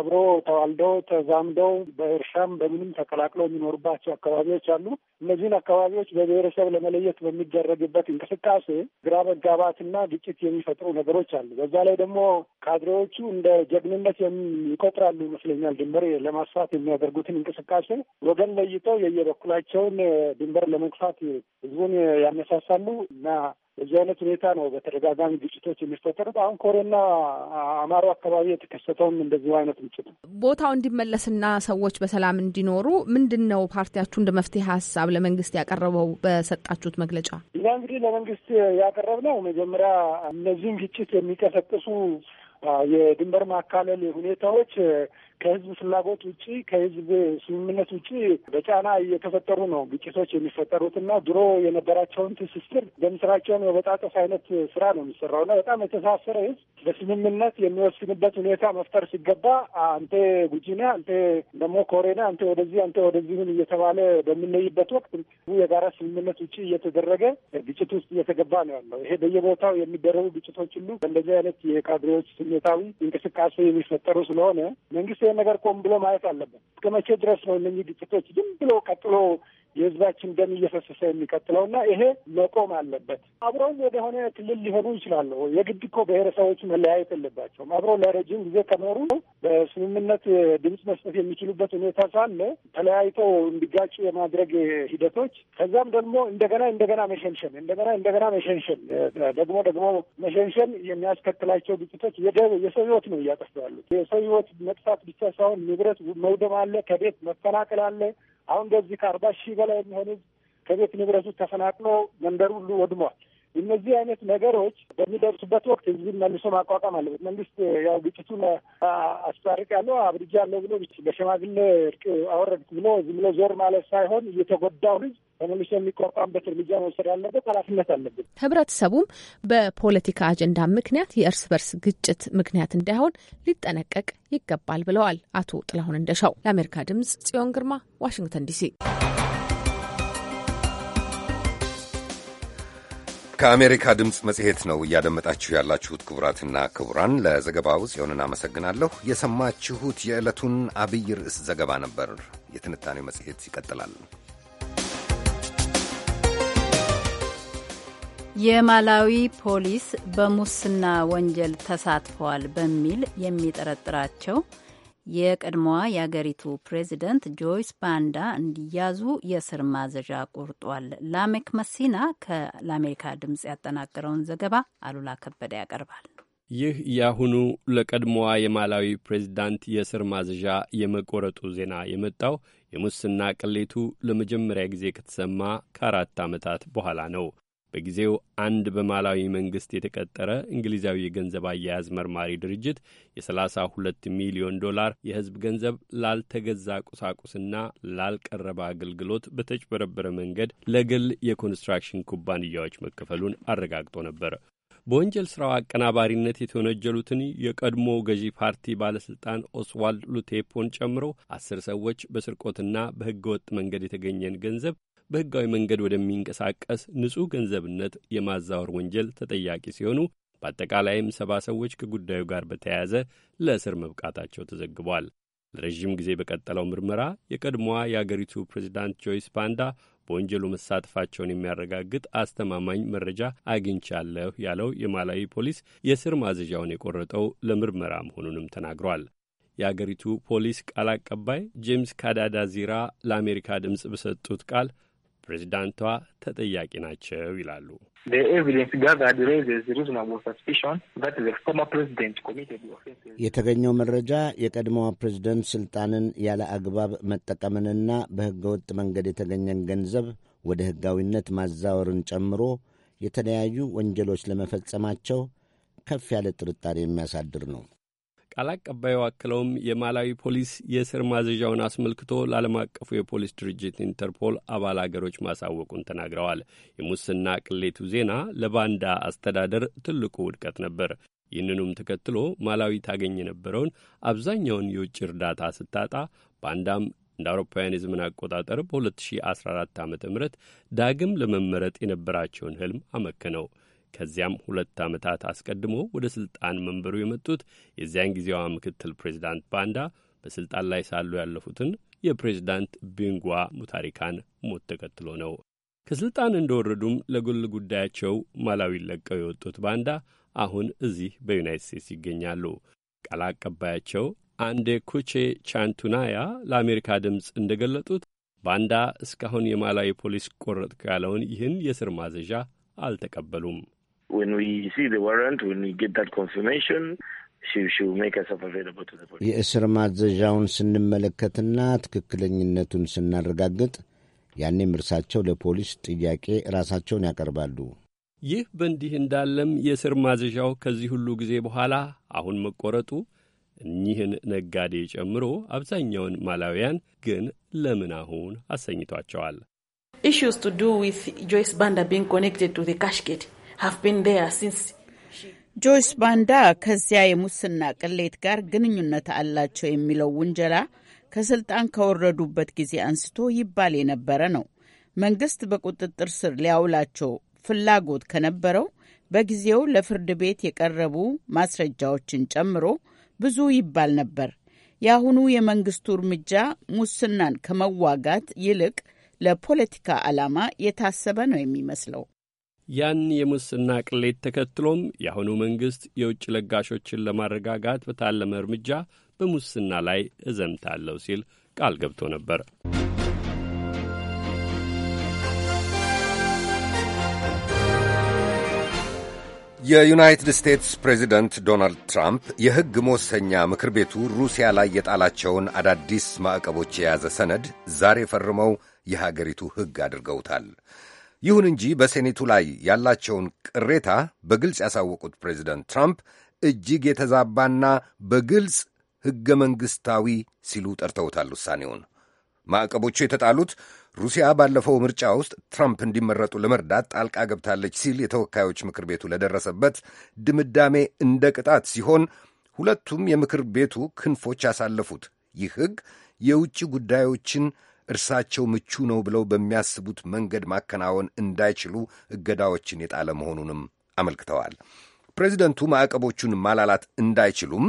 አብሮ ተዋልደው ተዛምደው በእርሻም በምንም ተቀላቅለው የሚኖሩባቸው አካባቢዎች አሉ። እነዚህን አካባቢዎች በብሔረሰብ ለመለየት በሚደረግበት እንቅስቃሴ ግራ መጋባትና ግጭት የሚፈጥሩ ነገሮች አሉ። በዛ ላይ ደግሞ ካድሬዎቹ እንደ ጀግንነት ይቆጥራሉ ይመስለኛል። ድንበር ለማስፋት የሚያደርጉትን እንቅስቃሴ ወገን ለይተው የየበኩላቸውን ድንበር ለመግፋት ህዝቡን ያነሳሳሉ እና በዚህ አይነት ሁኔታ ነው በተደጋጋሚ ግጭቶች የሚፈጠሩት። አሁን ኮሮና አማሮ አካባቢ የተከሰተውም እንደዚሁ አይነት ግጭት ነው። ቦታው እንዲመለስና ሰዎች በሰላም እንዲኖሩ ምንድን ነው ፓርቲያችሁ እንደ መፍትሄ ሀሳብ ለመንግስት ያቀረበው በሰጣችሁት መግለጫ? እኛ እንግዲህ ለመንግስት ያቀረብነው መጀመሪያ እነዚህን ግጭት የሚቀሰቅሱ የድንበር ማካለል ሁኔታዎች ከህዝብ ፍላጎት ውጭ ከህዝብ ስምምነት ውጭ በጫና እየተፈጠሩ ነው ግጭቶች የሚፈጠሩት እና ድሮ የነበራቸውን ትስስር በምስራቸውን የበጣጠፍ አይነት ስራ ነው የሚሰራው የሚሰራውና በጣም የተሳሰረ ህዝብ በስምምነት የሚወስንበት ሁኔታ መፍጠር ሲገባ አንተ ጉጂና አንተ ደግሞ ኮሬና አንተ ወደዚህ አንተ ወደዚህን እየተባለ በምንይበት ወቅት የጋራ ስምምነት ውጭ እየተደረገ ግጭት ውስጥ እየተገባ ነው ያለው። ይሄ በየቦታው የሚደረጉ ግጭቶች ሁሉ በእንደዚህ አይነት የካድሬዎች ስሜታዊ እንቅስቃሴ የሚፈጠሩ ስለሆነ መንግስት ነገር ቆም ብሎ ማየት አለበት። እስከ መቼ ድረስ ነው እነዚህ ግጭቶች ዝም ብሎ ቀጥሎ የህዝባችን ደም እየፈሰሰ የሚቀጥለውና ይሄ መቆም አለበት። አብረውም ወደሆነ ክልል ሊሆኑ ይችላሉ። የግድ እኮ ብሔረሰቦች መለያየት የለባቸውም። አብረው ለረጅም ጊዜ ከኖሩ በስምምነት ድምፅ መስጠት የሚችሉበት ሁኔታ ሳለ ተለያይተው እንዲጋጩ የማድረግ ሂደቶች ከዛም ደግሞ እንደገና እንደገና መሸንሸን እንደገና እንደገና መሸንሸን ደግሞ ደግሞ መሸንሸን የሚያስከትላቸው ግጭቶች የሰው ህይወት ነው እያጠፉ ያሉት። የሰው ህይወት መጥፋት ብቻ ሳይሆን ንብረት መውደም አለ፣ ከቤት መፈናቀል አለ። አሁን በዚህ ከአርባ ሺህ በላይ የሚሆን ህዝብ ከቤት ንብረቱ ተፈናቅሎ መንደር ሁሉ ወድሟል። እነዚህ አይነት ነገሮች በሚደርሱበት ወቅት ህዝብን መልሶ ማቋቋም አለበት። መንግስት ያው ግጭቱን አስታርቅ ያለው አብርጃ ያለው ብሎ በሸማግሌ እርቅ አወረድኩ ብሎ ዝም ብሎ ዞር ማለት ሳይሆን እየተጎዳው ህዝብ በመልሶ የሚቋቋምበት እርምጃ መውሰድ ያለበት ኃላፊነት አለብን። ህብረተሰቡም በፖለቲካ አጀንዳ ምክንያት የእርስ በርስ ግጭት ምክንያት እንዳይሆን ሊጠነቀቅ ይገባል ብለዋል አቶ ጥላሁን እንደሻው። ለአሜሪካ ድምጽ ጽዮን ግርማ ዋሽንግተን ዲሲ። ከአሜሪካ ድምፅ መጽሔት ነው እያደመጣችሁ ያላችሁት። ክቡራትና ክቡራን ለዘገባው ጽዮንን አመሰግናለሁ። የሰማችሁት የዕለቱን አብይ ርዕስ ዘገባ ነበር። የትንታኔው መጽሔት ይቀጥላል። የማላዊ ፖሊስ በሙስና ወንጀል ተሳትፈዋል በሚል የሚጠረጥራቸው የቀድሞዋ የአገሪቱ ፕሬዚደንት ጆይስ ባንዳ እንዲያዙ የስር ማዘዣ ቆርጧል። ላሜክ መሲና ከአሜሪካ ድምፅ ያጠናቀረውን ዘገባ አሉላ ከበደ ያቀርባል። ይህ የአሁኑ ለቀድሞዋ የማላዊ ፕሬዚዳንት የእስር ማዘዣ የመቆረጡ ዜና የመጣው የሙስና ቅሌቱ ለመጀመሪያ ጊዜ ከተሰማ ከአራት ዓመታት በኋላ ነው። በጊዜው አንድ በማላዊ መንግሥት የተቀጠረ እንግሊዛዊ የገንዘብ አያያዝ መርማሪ ድርጅት የ32 ሚሊዮን ዶላር የሕዝብ ገንዘብ ላልተገዛ ቁሳቁስና ላልቀረበ አገልግሎት በተጭበረበረ መንገድ ለግል የኮንስትራክሽን ኩባንያዎች መከፈሉን አረጋግጦ ነበር። በወንጀል ሥራው አቀናባሪነት የተወነጀሉትን የቀድሞ ገዢ ፓርቲ ባለሥልጣን ኦስዋልድ ሉቴፖን ጨምሮ አስር ሰዎች በስርቆትና በሕገ ወጥ መንገድ የተገኘን ገንዘብ በሕጋዊ መንገድ ወደሚንቀሳቀስ ንጹሕ ገንዘብነት የማዛወር ወንጀል ተጠያቂ ሲሆኑ በአጠቃላይም ሰባ ሰዎች ከጉዳዩ ጋር በተያያዘ ለእስር መብቃታቸው ተዘግቧል። ለረዥም ጊዜ በቀጠለው ምርመራ የቀድሞዋ የአገሪቱ ፕሬዚዳንት ጆይስ ባንዳ በወንጀሉ መሳተፋቸውን የሚያረጋግጥ አስተማማኝ መረጃ አግኝቻለሁ ያለው የማላዊ ፖሊስ የእስር ማዘዣውን የቆረጠው ለምርመራ መሆኑንም ተናግሯል። የአገሪቱ ፖሊስ ቃል አቀባይ ጄምስ ካዳዳዚራ ለአሜሪካ ድምፅ በሰጡት ቃል ፕሬዚዳንቷ ተጠያቂ ናቸው ይላሉ። የተገኘው መረጃ የቀድሞዋ ፕሬዚደንት ስልጣንን ያለ አግባብ መጠቀምንና ወጥ መንገድ የተገኘን ገንዘብ ወደ ሕጋዊነት ማዛወርን ጨምሮ የተለያዩ ወንጀሎች ለመፈጸማቸው ከፍ ያለ ጥርጣሬ የሚያሳድር ነው። ቃል አቀባዩ አክለውም የማላዊ ፖሊስ የስር ማዘዣውን አስመልክቶ ለዓለም አቀፉ የፖሊስ ድርጅት ኢንተርፖል አባል አገሮች ማሳወቁን ተናግረዋል። የሙስና ቅሌቱ ዜና ለባንዳ አስተዳደር ትልቁ ውድቀት ነበር። ይህንኑም ተከትሎ ማላዊ ታገኝ የነበረውን አብዛኛውን የውጭ እርዳታ ስታጣ ባንዳም እንደ አውሮፓውያን የዘመን አቆጣጠር በ2014 ዓ ም ዳግም ለመመረጥ የነበራቸውን ህልም አመከነው። ከዚያም ሁለት ዓመታት አስቀድሞ ወደ ሥልጣን መንበሩ የመጡት የዚያን ጊዜዋ ምክትል ፕሬዚዳንት ባንዳ በሥልጣን ላይ ሳሉ ያለፉትን የፕሬዚዳንት ቢንጓ ሙታሪካን ሞት ተከትሎ ነው። ከሥልጣን ወረዱም ለግል ጉዳያቸው ማላዊ ለቀው የወጡት ባንዳ አሁን እዚህ በዩናይት ስቴትስ ይገኛሉ። ቃል አቀባያቸው አንዴ ኩቼ ቻንቱናያ ለአሜሪካ ድምፅ እንደ ገለጡት ባንዳ እስካሁን የማላዊ ፖሊስ ቆረጥኩ ያለውን ይህን የስር ማዘዣ አልተቀበሉም። የእስር ማዘዣውን ስንመለከትና ትክክለኝነቱን ስናረጋግጥ ያኔም እርሳቸው ለፖሊስ ጥያቄ ራሳቸውን ያቀርባሉ። ይህ በእንዲህ እንዳለም የእስር ማዘዣው ከዚህ ሁሉ ጊዜ በኋላ አሁን መቆረጡ እኚህን ነጋዴ ጨምሮ አብዛኛውን ማላውያን ግን ለምን አሁን አሰኝቷቸዋል። to do with Joyce Banda being connected to the cash gate. ጆይስ ባንዳ ከዚያ የሙስና ቅሌት ጋር ግንኙነት አላቸው የሚለው ውንጀላ ከስልጣን ከወረዱበት ጊዜ አንስቶ ይባል የነበረ ነው። መንግስት በቁጥጥር ስር ሊያውላቸው ፍላጎት ከነበረው በጊዜው ለፍርድ ቤት የቀረቡ ማስረጃዎችን ጨምሮ ብዙ ይባል ነበር። የአሁኑ የመንግስቱ እርምጃ ሙስናን ከመዋጋት ይልቅ ለፖለቲካ ዓላማ የታሰበ ነው የሚመስለው። ያን የሙስና ቅሌት ተከትሎም የአሁኑ መንግሥት የውጭ ለጋሾችን ለማረጋጋት በታለመ እርምጃ በሙስና ላይ እዘምታለሁ ሲል ቃል ገብቶ ነበር። የዩናይትድ ስቴትስ ፕሬዚደንት ዶናልድ ትራምፕ የሕግ መወሰኛ ምክር ቤቱ ሩሲያ ላይ የጣላቸውን አዳዲስ ማዕቀቦች የያዘ ሰነድ ዛሬ ፈርመው የሀገሪቱ ሕግ አድርገውታል። ይሁን እንጂ በሴኔቱ ላይ ያላቸውን ቅሬታ በግልጽ ያሳወቁት ፕሬዚደንት ትራምፕ እጅግ የተዛባና በግልጽ ሕገ መንግሥታዊ ሲሉ ጠርተውታል ውሳኔውን። ማዕቀቦቹ የተጣሉት ሩሲያ ባለፈው ምርጫ ውስጥ ትራምፕ እንዲመረጡ ለመርዳት ጣልቃ ገብታለች ሲል የተወካዮች ምክር ቤቱ ለደረሰበት ድምዳሜ እንደ ቅጣት ሲሆን ሁለቱም የምክር ቤቱ ክንፎች ያሳለፉት ይህ ሕግ የውጭ ጉዳዮችን እርሳቸው ምቹ ነው ብለው በሚያስቡት መንገድ ማከናወን እንዳይችሉ እገዳዎችን የጣለ መሆኑንም አመልክተዋል። ፕሬዚደንቱ ማዕቀቦቹን ማላላት እንዳይችሉም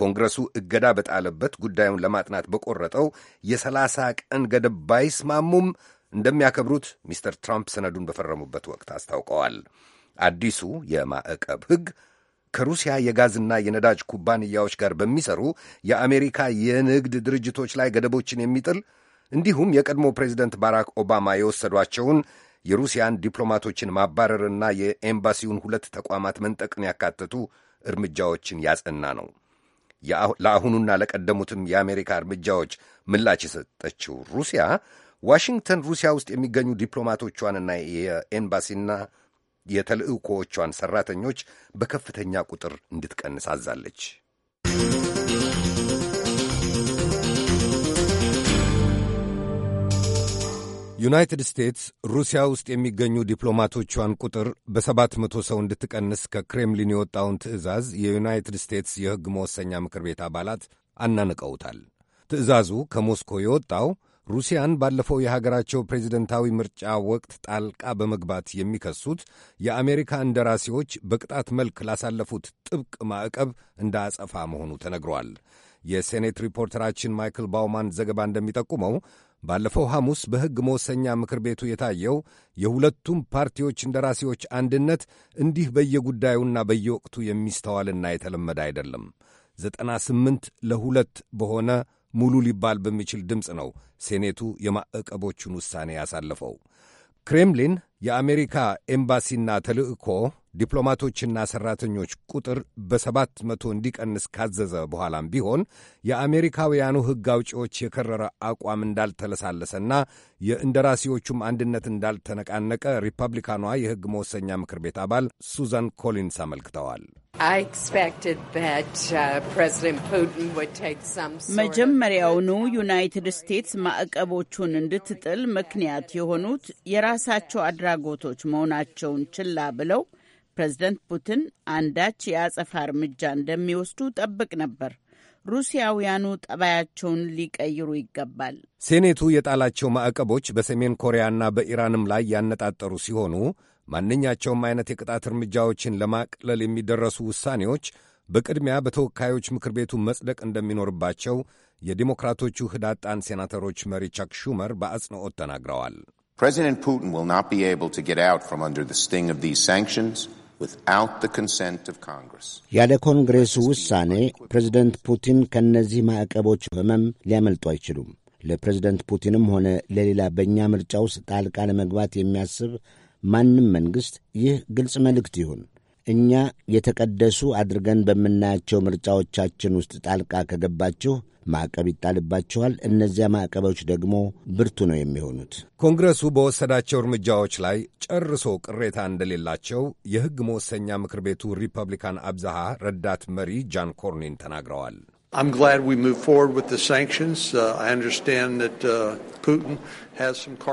ኮንግረሱ እገዳ በጣለበት ጉዳዩን ለማጥናት በቆረጠው የሰላሳ ቀን ገደብ ባይስማሙም እንደሚያከብሩት ሚስተር ትራምፕ ሰነዱን በፈረሙበት ወቅት አስታውቀዋል። አዲሱ የማዕቀብ ሕግ ከሩሲያ የጋዝና የነዳጅ ኩባንያዎች ጋር በሚሰሩ የአሜሪካ የንግድ ድርጅቶች ላይ ገደቦችን የሚጥል እንዲሁም የቀድሞ ፕሬዚደንት ባራክ ኦባማ የወሰዷቸውን የሩሲያን ዲፕሎማቶችን ማባረርና የኤምባሲውን ሁለት ተቋማት መንጠቅን ያካተቱ እርምጃዎችን ያጸና ነው። ለአሁኑና ለቀደሙትም የአሜሪካ እርምጃዎች ምላሽ የሰጠችው ሩሲያ ዋሽንግተን ሩሲያ ውስጥ የሚገኙ ዲፕሎማቶቿንና የኤምባሲና የተልእኮዎቿን ሠራተኞች በከፍተኛ ቁጥር እንድትቀንስ አዛለች። ዩናይትድ ስቴትስ ሩሲያ ውስጥ የሚገኙ ዲፕሎማቶቿን ቁጥር በሰባት መቶ ሰው እንድትቀንስ ከክሬምሊን የወጣውን ትዕዛዝ የዩናይትድ ስቴትስ የሕግ መወሰኛ ምክር ቤት አባላት አናንቀውታል። ትዕዛዙ ከሞስኮ የወጣው ሩሲያን ባለፈው የሀገራቸው ፕሬዚደንታዊ ምርጫ ወቅት ጣልቃ በመግባት የሚከሱት የአሜሪካ እንደራሴዎች በቅጣት መልክ ላሳለፉት ጥብቅ ማዕቀብ እንደ አጸፋ መሆኑ ተነግሯል። የሴኔት ሪፖርተራችን ማይክል ባውማን ዘገባ እንደሚጠቁመው ባለፈው ሐሙስ በሕግ መወሰኛ ምክር ቤቱ የታየው የሁለቱም ፓርቲዎች እንደራሴዎች አንድነት እንዲህ በየጉዳዩና በየወቅቱ የሚስተዋልና የተለመደ አይደለም። ዘጠና ስምንት ለሁለት በሆነ ሙሉ ሊባል በሚችል ድምፅ ነው ሴኔቱ የማዕቀቦቹን ውሳኔ ያሳለፈው። ክሬምሊን የአሜሪካ ኤምባሲና ተልዕኮ ዲፕሎማቶችና ሠራተኞች ቁጥር በሰባት መቶ እንዲቀንስ ካዘዘ በኋላም ቢሆን የአሜሪካውያኑ ሕግ አውጪዎች የከረረ አቋም እንዳልተለሳለሰና የእንደራሴዎቹም አንድነት እንዳልተነቃነቀ ሪፐብሊካኗ የሕግ መወሰኛ ምክር ቤት አባል ሱዛን ኮሊንስ አመልክተዋል። uh, መጀመሪያውኑ ዩናይትድ ስቴትስ ማዕቀቦቹን እንድትጥል ምክንያት የሆኑት የራሳቸው አድራጎቶች መሆናቸውን ችላ ብለው ፕሬዚደንት ፑቲን አንዳች የአጸፋ እርምጃ እንደሚወስዱ ጠብቅ ነበር። ሩሲያውያኑ ጠባያቸውን ሊቀይሩ ይገባል። ሴኔቱ የጣላቸው ማዕቀቦች በሰሜን ኮሪያና በኢራንም ላይ ያነጣጠሩ ሲሆኑ ማንኛቸውም አይነት የቅጣት እርምጃዎችን ለማቅለል የሚደረሱ ውሳኔዎች በቅድሚያ በተወካዮች ምክር ቤቱ መጽደቅ እንደሚኖርባቸው የዲሞክራቶቹ ህዳጣን ሴናተሮች መሪ ቻክ ሹመር በአጽንኦት ተናግረዋል። ፕሬዚደንት ፑቲን ያለ ኮንግሬሱ ውሳኔ ፕሬዝደንት ፑቲን ከእነዚህ ማዕቀቦች ህመም ሊያመልጡ አይችሉም። ለፕሬዝደንት ፑቲንም ሆነ ለሌላ በእኛ ምርጫ ውስጥ ጣልቃ ለመግባት የሚያስብ ማንም መንግሥት ይህ ግልጽ መልእክት ይሁን። እኛ የተቀደሱ አድርገን በምናያቸው ምርጫዎቻችን ውስጥ ጣልቃ ከገባችሁ ማዕቀብ ይጣልባችኋል። እነዚያ ማዕቀቦች ደግሞ ብርቱ ነው የሚሆኑት። ኮንግረሱ በወሰዳቸው እርምጃዎች ላይ ጨርሶ ቅሬታ እንደሌላቸው የሕግ መወሰኛ ምክር ቤቱ ሪፐብሊካን አብዛሃ ረዳት መሪ ጃን ኮርኒን ተናግረዋል። uh,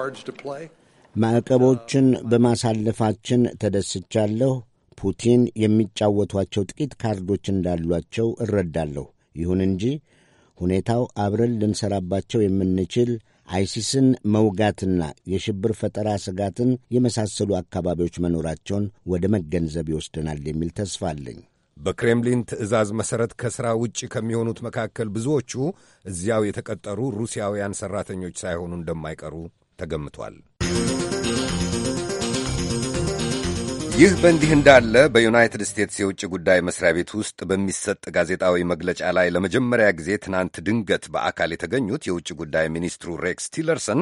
uh, ማዕቀቦችን በማሳለፋችን ተደስቻለሁ። ፑቲን የሚጫወቷቸው ጥቂት ካርዶች እንዳሏቸው እረዳለሁ። ይሁን እንጂ ሁኔታው አብረን ልንሰራባቸው የምንችል አይሲስን መውጋትና የሽብር ፈጠራ ስጋትን የመሳሰሉ አካባቢዎች መኖራቸውን ወደ መገንዘብ ይወስደናል የሚል ተስፋ አለኝ። በክሬምሊን ትዕዛዝ መሠረት ከሥራ ውጭ ከሚሆኑት መካከል ብዙዎቹ እዚያው የተቀጠሩ ሩሲያውያን ሠራተኞች ሳይሆኑ እንደማይቀሩ ተገምቷል። ይህ በእንዲህ እንዳለ በዩናይትድ ስቴትስ የውጭ ጉዳይ መስሪያ ቤት ውስጥ በሚሰጥ ጋዜጣዊ መግለጫ ላይ ለመጀመሪያ ጊዜ ትናንት ድንገት በአካል የተገኙት የውጭ ጉዳይ ሚኒስትሩ ሬክስ ቲለርሰን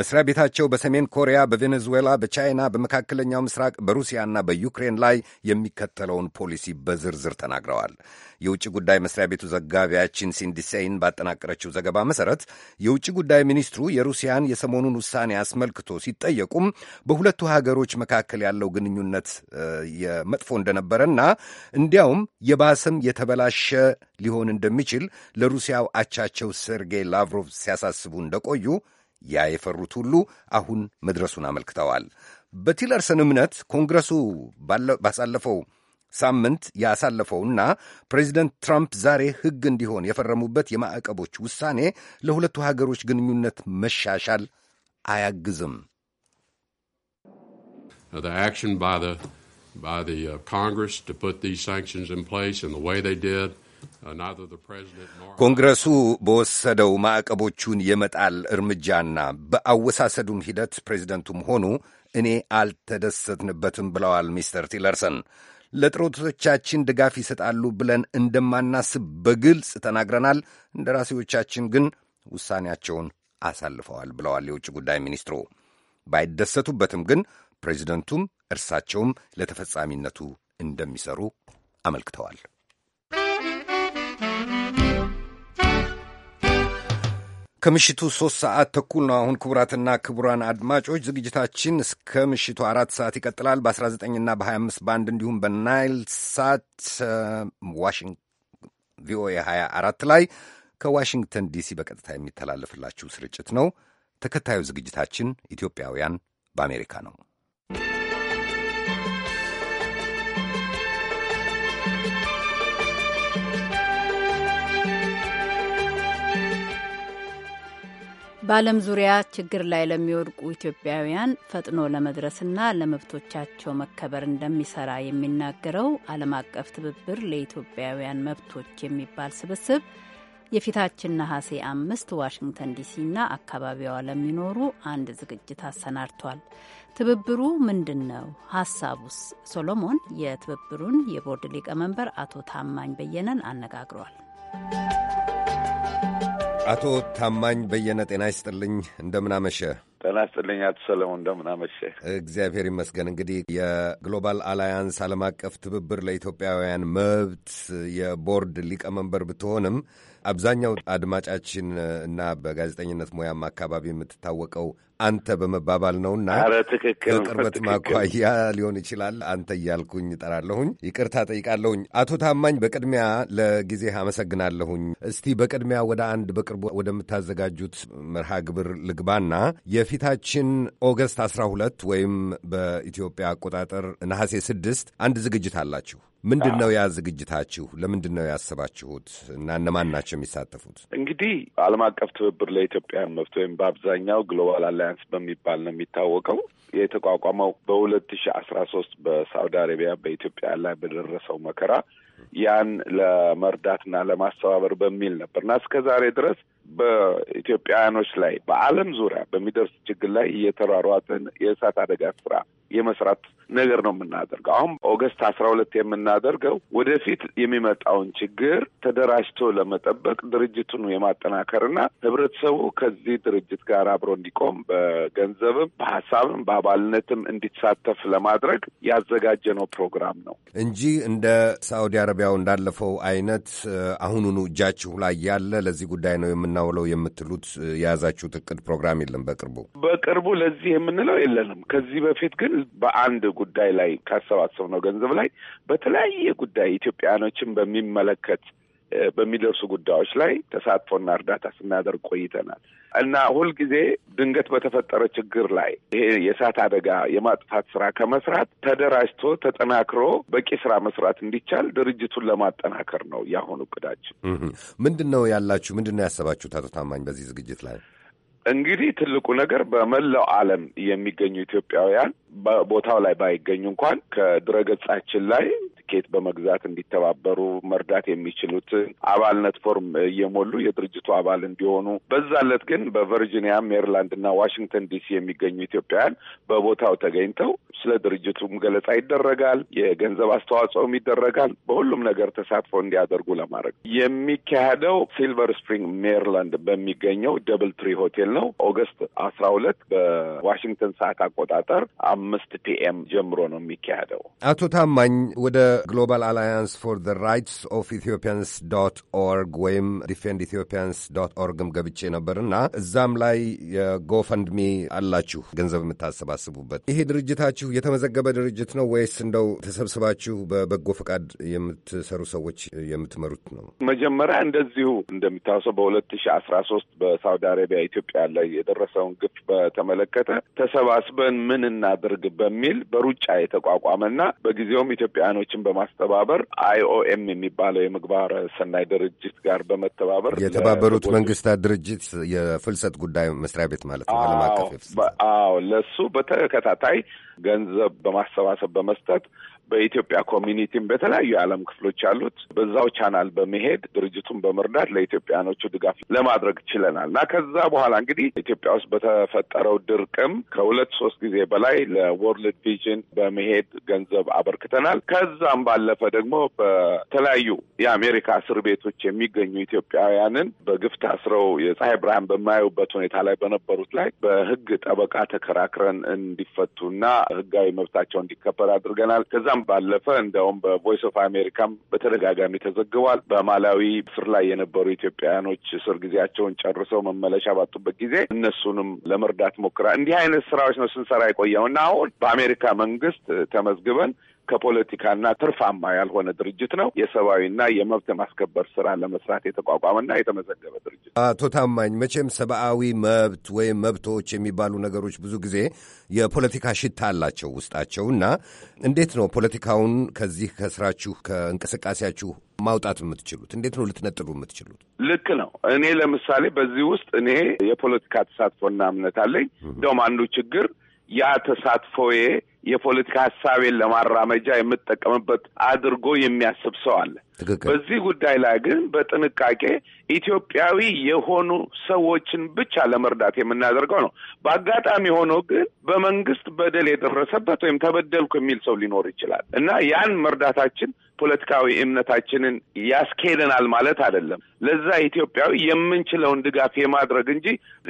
መስሪያ ቤታቸው በሰሜን ኮሪያ፣ በቬኔዙዌላ፣ በቻይና፣ በመካከለኛው ምስራቅ፣ በሩሲያና በዩክሬን ላይ የሚከተለውን ፖሊሲ በዝርዝር ተናግረዋል። የውጭ ጉዳይ መስሪያ ቤቱ ዘጋቢያችን ሲንዲሴይን ባጠናቀረችው ዘገባ መሰረት የውጭ ጉዳይ ሚኒስትሩ የሩሲያን የሰሞኑን ውሳኔ አስመልክቶ ሲጠየቁም በሁለቱ ሀገሮች መካከል ያለው ግንኙነት መጥፎ እንደነበረና እንዲያውም የባሰም የተበላሸ ሊሆን እንደሚችል ለሩሲያው አቻቸው ሴርጌይ ላቭሮቭ ሲያሳስቡ እንደቆዩ ያ የፈሩት ሁሉ አሁን መድረሱን አመልክተዋል። በቲለርሰን እምነት ኮንግረሱ ባሳለፈው ሳምንት ያሳለፈውና ፕሬዚደንት ትራምፕ ዛሬ ሕግ እንዲሆን የፈረሙበት የማዕቀቦች ውሳኔ ለሁለቱ ሀገሮች ግንኙነት መሻሻል አያግዝም። ኮንግረሱ በወሰደው ማዕቀቦቹን የመጣል እርምጃና በአወሳሰዱም ሂደት ፕሬዚደንቱም ሆኑ እኔ አልተደሰትንበትም ብለዋል ሚስተር ቲለርሰን። ለጥረቶቻችን ድጋፍ ይሰጣሉ ብለን እንደማናስብ በግልጽ ተናግረናል። እንደራሴዎቻችን ግን ውሳኔያቸውን አሳልፈዋል ብለዋል የውጭ ጉዳይ ሚኒስትሩ። ባይደሰቱበትም ግን ፕሬዚደንቱም እርሳቸውም ለተፈጻሚነቱ እንደሚሰሩ አመልክተዋል። ከምሽቱ ሶስት ሰዓት ተኩል ነው። አሁን ክቡራትና ክቡራን አድማጮች ዝግጅታችን እስከ ምሽቱ አራት ሰዓት ይቀጥላል። በ19ና በ25 ባንድ እንዲሁም በናይል ሳት ዋሽንግተን ቪኦኤ 24 ላይ ከዋሽንግተን ዲሲ በቀጥታ የሚተላለፍላችሁ ስርጭት ነው። ተከታዩ ዝግጅታችን ኢትዮጵያውያን በአሜሪካ ነው። በዓለም ዙሪያ ችግር ላይ ለሚወድቁ ኢትዮጵያውያን ፈጥኖ ለመድረስና ለመብቶቻቸው መከበር እንደሚሰራ የሚናገረው ዓለም አቀፍ ትብብር ለኢትዮጵያውያን መብቶች የሚባል ስብስብ የፊታችን ነሐሴ አምስት ዋሽንግተን ዲሲና አካባቢዋ ለሚኖሩ አንድ ዝግጅት አሰናድቷል። ትብብሩ ምንድን ነው? ሀሳቡስ? ሶሎሞን የትብብሩን የቦርድ ሊቀመንበር አቶ ታማኝ በየነን አነጋግሯል። አቶ ታማኝ በየነ ጤና ይስጥልኝ፣ እንደምናመሸ። ጤና ይስጥልኝ አቶ ሰለሞን፣ እንደምናመሸ። እግዚአብሔር ይመስገን። እንግዲህ የግሎባል አላያንስ ዓለም አቀፍ ትብብር ለኢትዮጵያውያን መብት የቦርድ ሊቀመንበር ብትሆንም አብዛኛው አድማጫችን እና በጋዜጠኝነት ሙያም አካባቢ የምትታወቀው አንተ በመባባል ነውና ከቅርበት ማኳያ ሊሆን ይችላል። አንተ እያልኩኝ እጠራለሁኝ፣ ይቅርታ ጠይቃለሁኝ። አቶ ታማኝ በቅድሚያ ለጊዜ አመሰግናለሁኝ። እስቲ በቅድሚያ ወደ አንድ በቅርቡ ወደምታዘጋጁት መርሃ ግብር ልግባና የፊታችን ኦገስት 12 ወይም በኢትዮጵያ አቆጣጠር ነሐሴ 6 አንድ ዝግጅት አላችሁ። ምንድን ነው ያ ዝግጅታችሁ? ለምንድን ነው ያሰባችሁት እና እነማን ናቸው የሚሳተፉት? እንግዲህ ዓለም አቀፍ ትብብር ለኢትዮጵያን መብት ወይም በአብዛኛው ግሎባል አላያንስ በሚባል ነው የሚታወቀው። የተቋቋመው በሁለት ሺ አስራ ሶስት በሳውዲ አረቢያ በኢትዮጵያ ላይ በደረሰው መከራ ያን ለመርዳትና ለማስተባበር በሚል ነበር እና እስከ ዛሬ ድረስ በኢትዮጵያውያኖች ላይ በዓለም ዙሪያ በሚደርስ ችግር ላይ እየተሯሯጥን የእሳት አደጋ ስራ የመስራት ነገር ነው የምናደርገው። አሁን ኦገስት አስራ ሁለት የምናደርገው ወደፊት የሚመጣውን ችግር ተደራጅቶ ለመጠበቅ ድርጅቱን የማጠናከርና ህብረተሰቡ ከዚህ ድርጅት ጋር አብሮ እንዲቆም በገንዘብም በሀሳብም በአባልነትም እንዲሳተፍ ለማድረግ ያዘጋጀነው ፕሮግራም ነው እንጂ እንደ ሳዑዲ አረቢያው እንዳለፈው አይነት አሁኑኑ እጃችሁ ላይ ያለ ለዚህ ጉዳይ ነው የምን እናውለው የምትሉት የያዛችሁት እቅድ ፕሮግራም የለም? በቅርቡ በቅርቡ ለዚህ የምንለው የለንም። ከዚህ በፊት ግን በአንድ ጉዳይ ላይ ካሰባሰብነው ገንዘብ ላይ በተለያየ ጉዳይ ኢትዮጵያኖችን በሚመለከት በሚደርሱ ጉዳዮች ላይ ተሳትፎና እርዳታ ስናደርግ ቆይተናል እና ሁልጊዜ ድንገት በተፈጠረ ችግር ላይ ይሄ የእሳት አደጋ የማጥፋት ስራ ከመስራት ተደራጅቶ ተጠናክሮ በቂ ስራ መስራት እንዲቻል ድርጅቱን ለማጠናከር ነው የአሁኑ እቅዳችን። ምንድን ነው ያላችሁ? ምንድን ነው ያሰባችሁት? አቶ ታማኝ በዚህ ዝግጅት ላይ እንግዲህ ትልቁ ነገር በመላው ዓለም የሚገኙ ኢትዮጵያውያን በቦታው ላይ ባይገኙ እንኳን ከድረገጻችን ላይ ትኬት በመግዛት እንዲተባበሩ መርዳት የሚችሉት አባልነት ፎርም እየሞሉ የድርጅቱ አባል እንዲሆኑ በዛለት ግን በቨርጂኒያ፣ ሜሪላንድ እና ዋሽንግተን ዲሲ የሚገኙ ኢትዮጵያውያን በቦታው ተገኝተው ስለ ድርጅቱም ገለጻ ይደረጋል። የገንዘብ አስተዋጽኦም ይደረጋል። በሁሉም ነገር ተሳትፎ እንዲያደርጉ ለማድረግ የሚካሄደው ሲልቨር ስፕሪንግ ሜሪላንድ በሚገኘው ደብል ትሪ ሆቴል ነው። ኦገስት አስራ ሁለት በዋሽንግተን ሰዓት አቆጣጠር አምስት ፒኤም ጀምሮ ነው የሚካሄደው። አቶ ታማኝ ወደ በግሎባል አላያንስ ፎር ዘ ራይትስ ኦፍ ኢትዮጵያንስ ዶት ኦርግ ወይም ዲፌንድ ኢትዮጵያንስ ዶት ኦርግም ገብቼ ነበርና እዛም ላይ የጎፈንድሚ አላችሁ ገንዘብ የምታሰባስቡበት። ይሄ ድርጅታችሁ የተመዘገበ ድርጅት ነው ወይስ እንደው ተሰብስባችሁ በበጎ ፈቃድ የምትሰሩ ሰዎች የምትመሩት ነው? መጀመሪያ እንደዚሁ እንደሚታወሰው በሁለት ሺ አስራ ሶስት በሳውዲ አረቢያ ኢትዮጵያ ላይ የደረሰውን ግፍ በተመለከተ ተሰባስበን ምን እናድርግ በሚል በሩጫ የተቋቋመና በጊዜውም ኢትዮጵያኖችን በማስተባበር አይኦኤም የሚባለው የምግባረ ሰናይ ድርጅት ጋር በመተባበር የተባበሩት መንግስታት ድርጅት የፍልሰት ጉዳይ መስሪያ ቤት ማለት ነው። ዓለም አቀፍ አዎ፣ ለሱ በተከታታይ ገንዘብ በማሰባሰብ በመስጠት በኢትዮጵያ ኮሚኒቲም በተለያዩ የዓለም ክፍሎች ያሉት በዛው ቻናል በመሄድ ድርጅቱን በመርዳት ለኢትዮጵያኖቹ ድጋፍ ለማድረግ ችለናል እና ከዛ በኋላ እንግዲህ ኢትዮጵያ ውስጥ በተፈጠረው ድርቅም ከሁለት ሶስት ጊዜ በላይ ለወርልድ ቪዥን በመሄድ ገንዘብ አበርክተናል። ከዛም ባለፈ ደግሞ በተለያዩ የአሜሪካ እስር ቤቶች የሚገኙ ኢትዮጵያውያንን በግፍ ታስረው የፀሐይ ብርሃን በማያዩበት ሁኔታ ላይ በነበሩት ላይ በህግ ጠበቃ ተከራክረን እንዲፈቱና ህጋዊ መብታቸው እንዲከበር አድርገናል። ከዛ ከዛም ባለፈ እንዲያውም በቮይስ ኦፍ አሜሪካም በተደጋጋሚ ተዘግቧል። በማላዊ እስር ላይ የነበሩ ኢትዮጵያውያኖች እስር ጊዜያቸውን ጨርሰው መመለሻ ባጡበት ጊዜ እነሱንም ለመርዳት ሞክራል። እንዲህ አይነት ስራዎች ነው ስንሰራ የቆየው እና አሁን በአሜሪካ መንግስት ተመዝግበን ከፖለቲካና ትርፋማ ያልሆነ ድርጅት ነው። የሰብአዊና የመብት ማስከበር ስራ ለመስራት የተቋቋመና የተመዘገበ ድርጅት። አቶ ታማኝ፣ መቼም ሰብአዊ መብት ወይም መብቶች የሚባሉ ነገሮች ብዙ ጊዜ የፖለቲካ ሽታ አላቸው ውስጣቸው እና እንዴት ነው ፖለቲካውን ከዚህ ከስራችሁ ከእንቅስቃሴያችሁ ማውጣት የምትችሉት እንዴት ነው ልትነጥሉ የምትችሉት? ልክ ነው። እኔ ለምሳሌ በዚህ ውስጥ እኔ የፖለቲካ ተሳትፎና እምነት አለኝ። እንደውም አንዱ ችግር ያ ተሳትፎዬ የፖለቲካ ሀሳቤን ለማራመጃ የምጠቀምበት አድርጎ የሚያስብ ሰው አለ። በዚህ ጉዳይ ላይ ግን በጥንቃቄ ኢትዮጵያዊ የሆኑ ሰዎችን ብቻ ለመርዳት የምናደርገው ነው። በአጋጣሚ ሆኖ ግን በመንግስት በደል የደረሰበት ወይም ተበደልኩ የሚል ሰው ሊኖር ይችላል እና ያን መርዳታችን ፖለቲካዊ እምነታችንን ያስኬደናል ማለት አይደለም። ለዛ ኢትዮጵያዊ የምንችለውን ድጋፍ የማድረግ እንጂ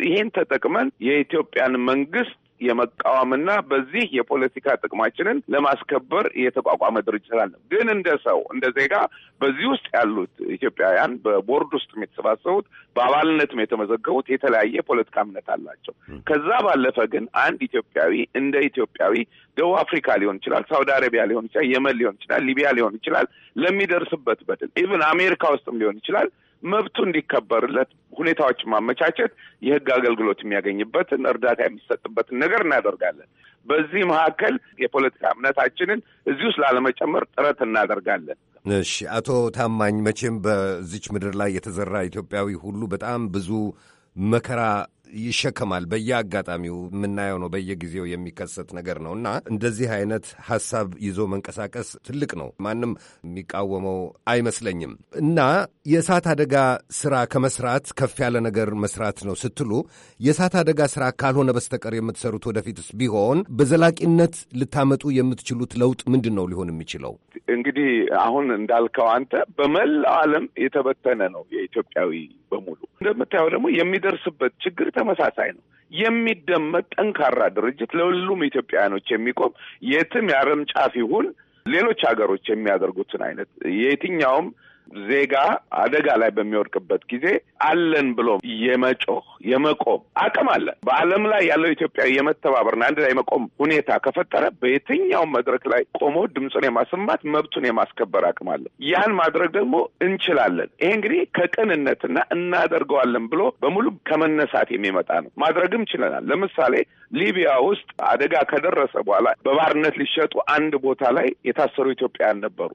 ይህን ተጠቅመን የኢትዮጵያን መንግስት የመቃወምና በዚህ የፖለቲካ ጥቅማችንን ለማስከበር የተቋቋመ ድርጅት አለ። ግን እንደ ሰው እንደ ዜጋ በዚህ ውስጥ ያሉት ኢትዮጵያውያን በቦርድ ውስጥ የተሰባሰቡት በአባልነትም የተመዘገቡት የተለያየ ፖለቲካ እምነት አላቸው። ከዛ ባለፈ ግን አንድ ኢትዮጵያዊ እንደ ኢትዮጵያዊ ደቡብ አፍሪካ ሊሆን ይችላል፣ ሳውዲ አረቢያ ሊሆን ይችላል፣ የመን ሊሆን ይችላል፣ ሊቢያ ሊሆን ይችላል፣ ለሚደርስበት በደል ኢቭን አሜሪካ ውስጥም ሊሆን ይችላል መብቱ እንዲከበርለት ሁኔታዎች ማመቻቸት፣ የህግ አገልግሎት የሚያገኝበትን እርዳታ የሚሰጥበትን ነገር እናደርጋለን። በዚህ መካከል የፖለቲካ እምነታችንን እዚህ ውስጥ ላለመጨመር ጥረት እናደርጋለን። እሺ፣ አቶ ታማኝ መቼም በዚች ምድር ላይ የተዘራ ኢትዮጵያዊ ሁሉ በጣም ብዙ መከራ ይሸከማል። በየአጋጣሚው የምናየው ነው፣ በየጊዜው የሚከሰት ነገር ነው እና እንደዚህ አይነት ሀሳብ ይዞ መንቀሳቀስ ትልቅ ነው። ማንም የሚቃወመው አይመስለኝም። እና የእሳት አደጋ ስራ ከመስራት ከፍ ያለ ነገር መስራት ነው ስትሉ የእሳት አደጋ ስራ ካልሆነ በስተቀር የምትሰሩት ወደፊትስ ቢሆን በዘላቂነት ልታመጡ የምትችሉት ለውጥ ምንድን ነው ሊሆን የሚችለው? እንግዲህ አሁን እንዳልከው አንተ በመላው ዓለም የተበተነ ነው የኢትዮጵያዊ በሙሉ እንደምታየው ደግሞ የሚደርስበት ችግር ተመሳሳይ ነው። የሚደመጥ ጠንካራ ድርጅት ለሁሉም ኢትዮጵያውያኖች የሚቆም የትም የአረም ጫፍ ይሁን ሌሎች ሀገሮች የሚያደርጉትን አይነት የትኛውም ዜጋ አደጋ ላይ በሚወድቅበት ጊዜ አለን ብሎ የመጮህ የመቆም አቅም አለ። በዓለም ላይ ያለው ኢትዮጵያ የመተባበርና አንድ ላይ የመቆም ሁኔታ ከፈጠረ በየትኛውም መድረክ ላይ ቆሞ ድምፁን የማሰማት መብቱን የማስከበር አቅም አለ። ያን ማድረግ ደግሞ እንችላለን። ይሄ እንግዲህ ከቅንነትና እናደርገዋለን ብሎ በሙሉ ከመነሳት የሚመጣ ነው። ማድረግም ችለናል። ለምሳሌ ሊቢያ ውስጥ አደጋ ከደረሰ በኋላ በባርነት ሊሸጡ አንድ ቦታ ላይ የታሰሩ ኢትዮጵያውያን ነበሩ።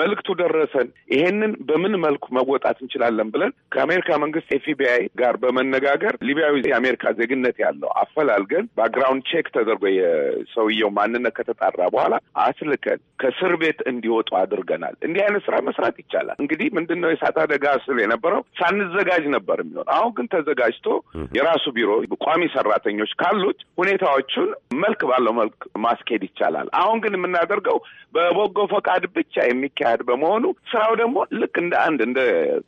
መልእክቱ ደረሰን። ይሄንን በምን መልኩ መወጣት እንችላለን ብለን ከአሜሪካ መንግስት ኤፍቢአይ ጋር በመነጋገር ሊቢያዊ የአሜሪካ ዜግነት ያለው አፈላልገን ባክግራውንድ ቼክ ተደርጎ የሰውየው ማንነት ከተጣራ በኋላ አስልከን ከእስር ቤት እንዲወጡ አድርገናል። እንዲህ አይነት ስራ መስራት ይቻላል። እንግዲህ ምንድን ነው የእሳት አደጋ ስል የነበረው ሳንዘጋጅ ነበር የሚሆን። አሁን ግን ተዘጋጅቶ የራሱ ቢሮ ቋሚ ሰራተኞች ካሉት ሁኔታዎቹን መልክ ባለው መልክ ማስኬድ ይቻላል። አሁን ግን የምናደርገው በበጎ ፈቃድ ብቻ የሚካሄድ በመሆኑ ስራው ደግሞ ልክ እንደ አንድ እንደ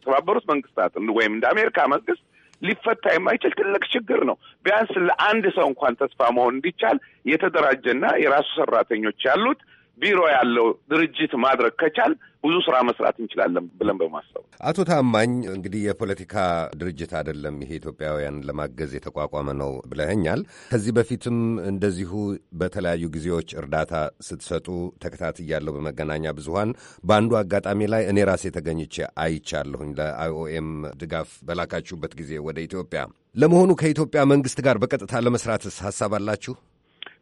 ተባበሩት መንግስታት ወይም እንደ አሜሪካ መንግስት ሊፈታ የማይችል ትልቅ ችግር ነው። ቢያንስ ለአንድ ሰው እንኳን ተስፋ መሆን እንዲቻል የተደራጀና የራሱ ሰራተኞች ያሉት ቢሮ ያለው ድርጅት ማድረግ ከቻል ብዙ ስራ መስራት እንችላለን ብለን በማሰብ አቶ ታማኝ እንግዲህ የፖለቲካ ድርጅት አይደለም ይሄ ኢትዮጵያውያን ለማገዝ የተቋቋመ ነው ብለኸኛል። ከዚህ በፊትም እንደዚሁ በተለያዩ ጊዜዎች እርዳታ ስትሰጡ ተከታትያለሁ በመገናኛ ብዙኃን። በአንዱ አጋጣሚ ላይ እኔ ራሴ ተገኝቼ አይቻለሁኝ ለአይኦኤም ድጋፍ በላካችሁበት ጊዜ ወደ ኢትዮጵያ። ለመሆኑ ከኢትዮጵያ መንግስት ጋር በቀጥታ ለመስራትስ ሀሳብ አላችሁ?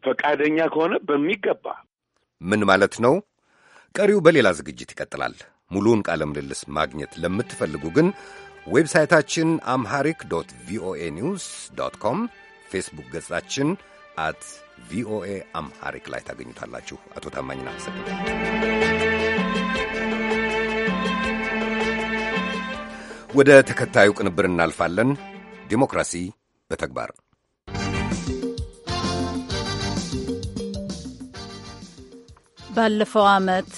ፈቃደኛ ከሆነ በሚገባ ምን ማለት ነው? ቀሪው በሌላ ዝግጅት ይቀጥላል። ሙሉውን ቃለ ምልልስ ማግኘት ለምትፈልጉ ግን ዌብሳይታችን አምሃሪክ ዶት ቪኦኤ ኒውስ ዶት ኮም፣ ፌስቡክ ገጻችን አት ቪኦኤ አምሃሪክ ላይ ታገኙታላችሁ። አቶ ታማኝን አመሰግናለሁ። ወደ ተከታዩ ቅንብር እናልፋለን። ዲሞክራሲ በተግባር ባለፈው ዓመት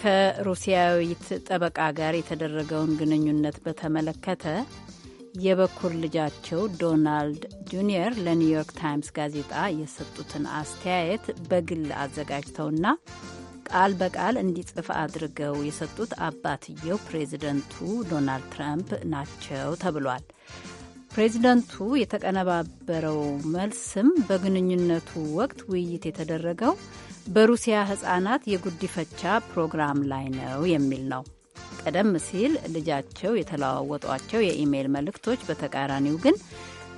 ከሩሲያዊት ጠበቃ ጋር የተደረገውን ግንኙነት በተመለከተ የበኩር ልጃቸው ዶናልድ ጁኒየር ለኒውዮርክ ታይምስ ጋዜጣ የሰጡትን አስተያየት በግል አዘጋጅተውና ቃል በቃል እንዲጽፍ አድርገው የሰጡት አባትየው ፕሬዚደንቱ ዶናልድ ትራምፕ ናቸው ተብሏል። ፕሬዚደንቱ የተቀነባበረው መልስም በግንኙነቱ ወቅት ውይይት የተደረገው በሩሲያ ሕጻናት የጉዲፈቻ ፕሮግራም ላይ ነው የሚል ነው። ቀደም ሲል ልጃቸው የተለዋወጧቸው የኢሜይል መልእክቶች በተቃራኒው ግን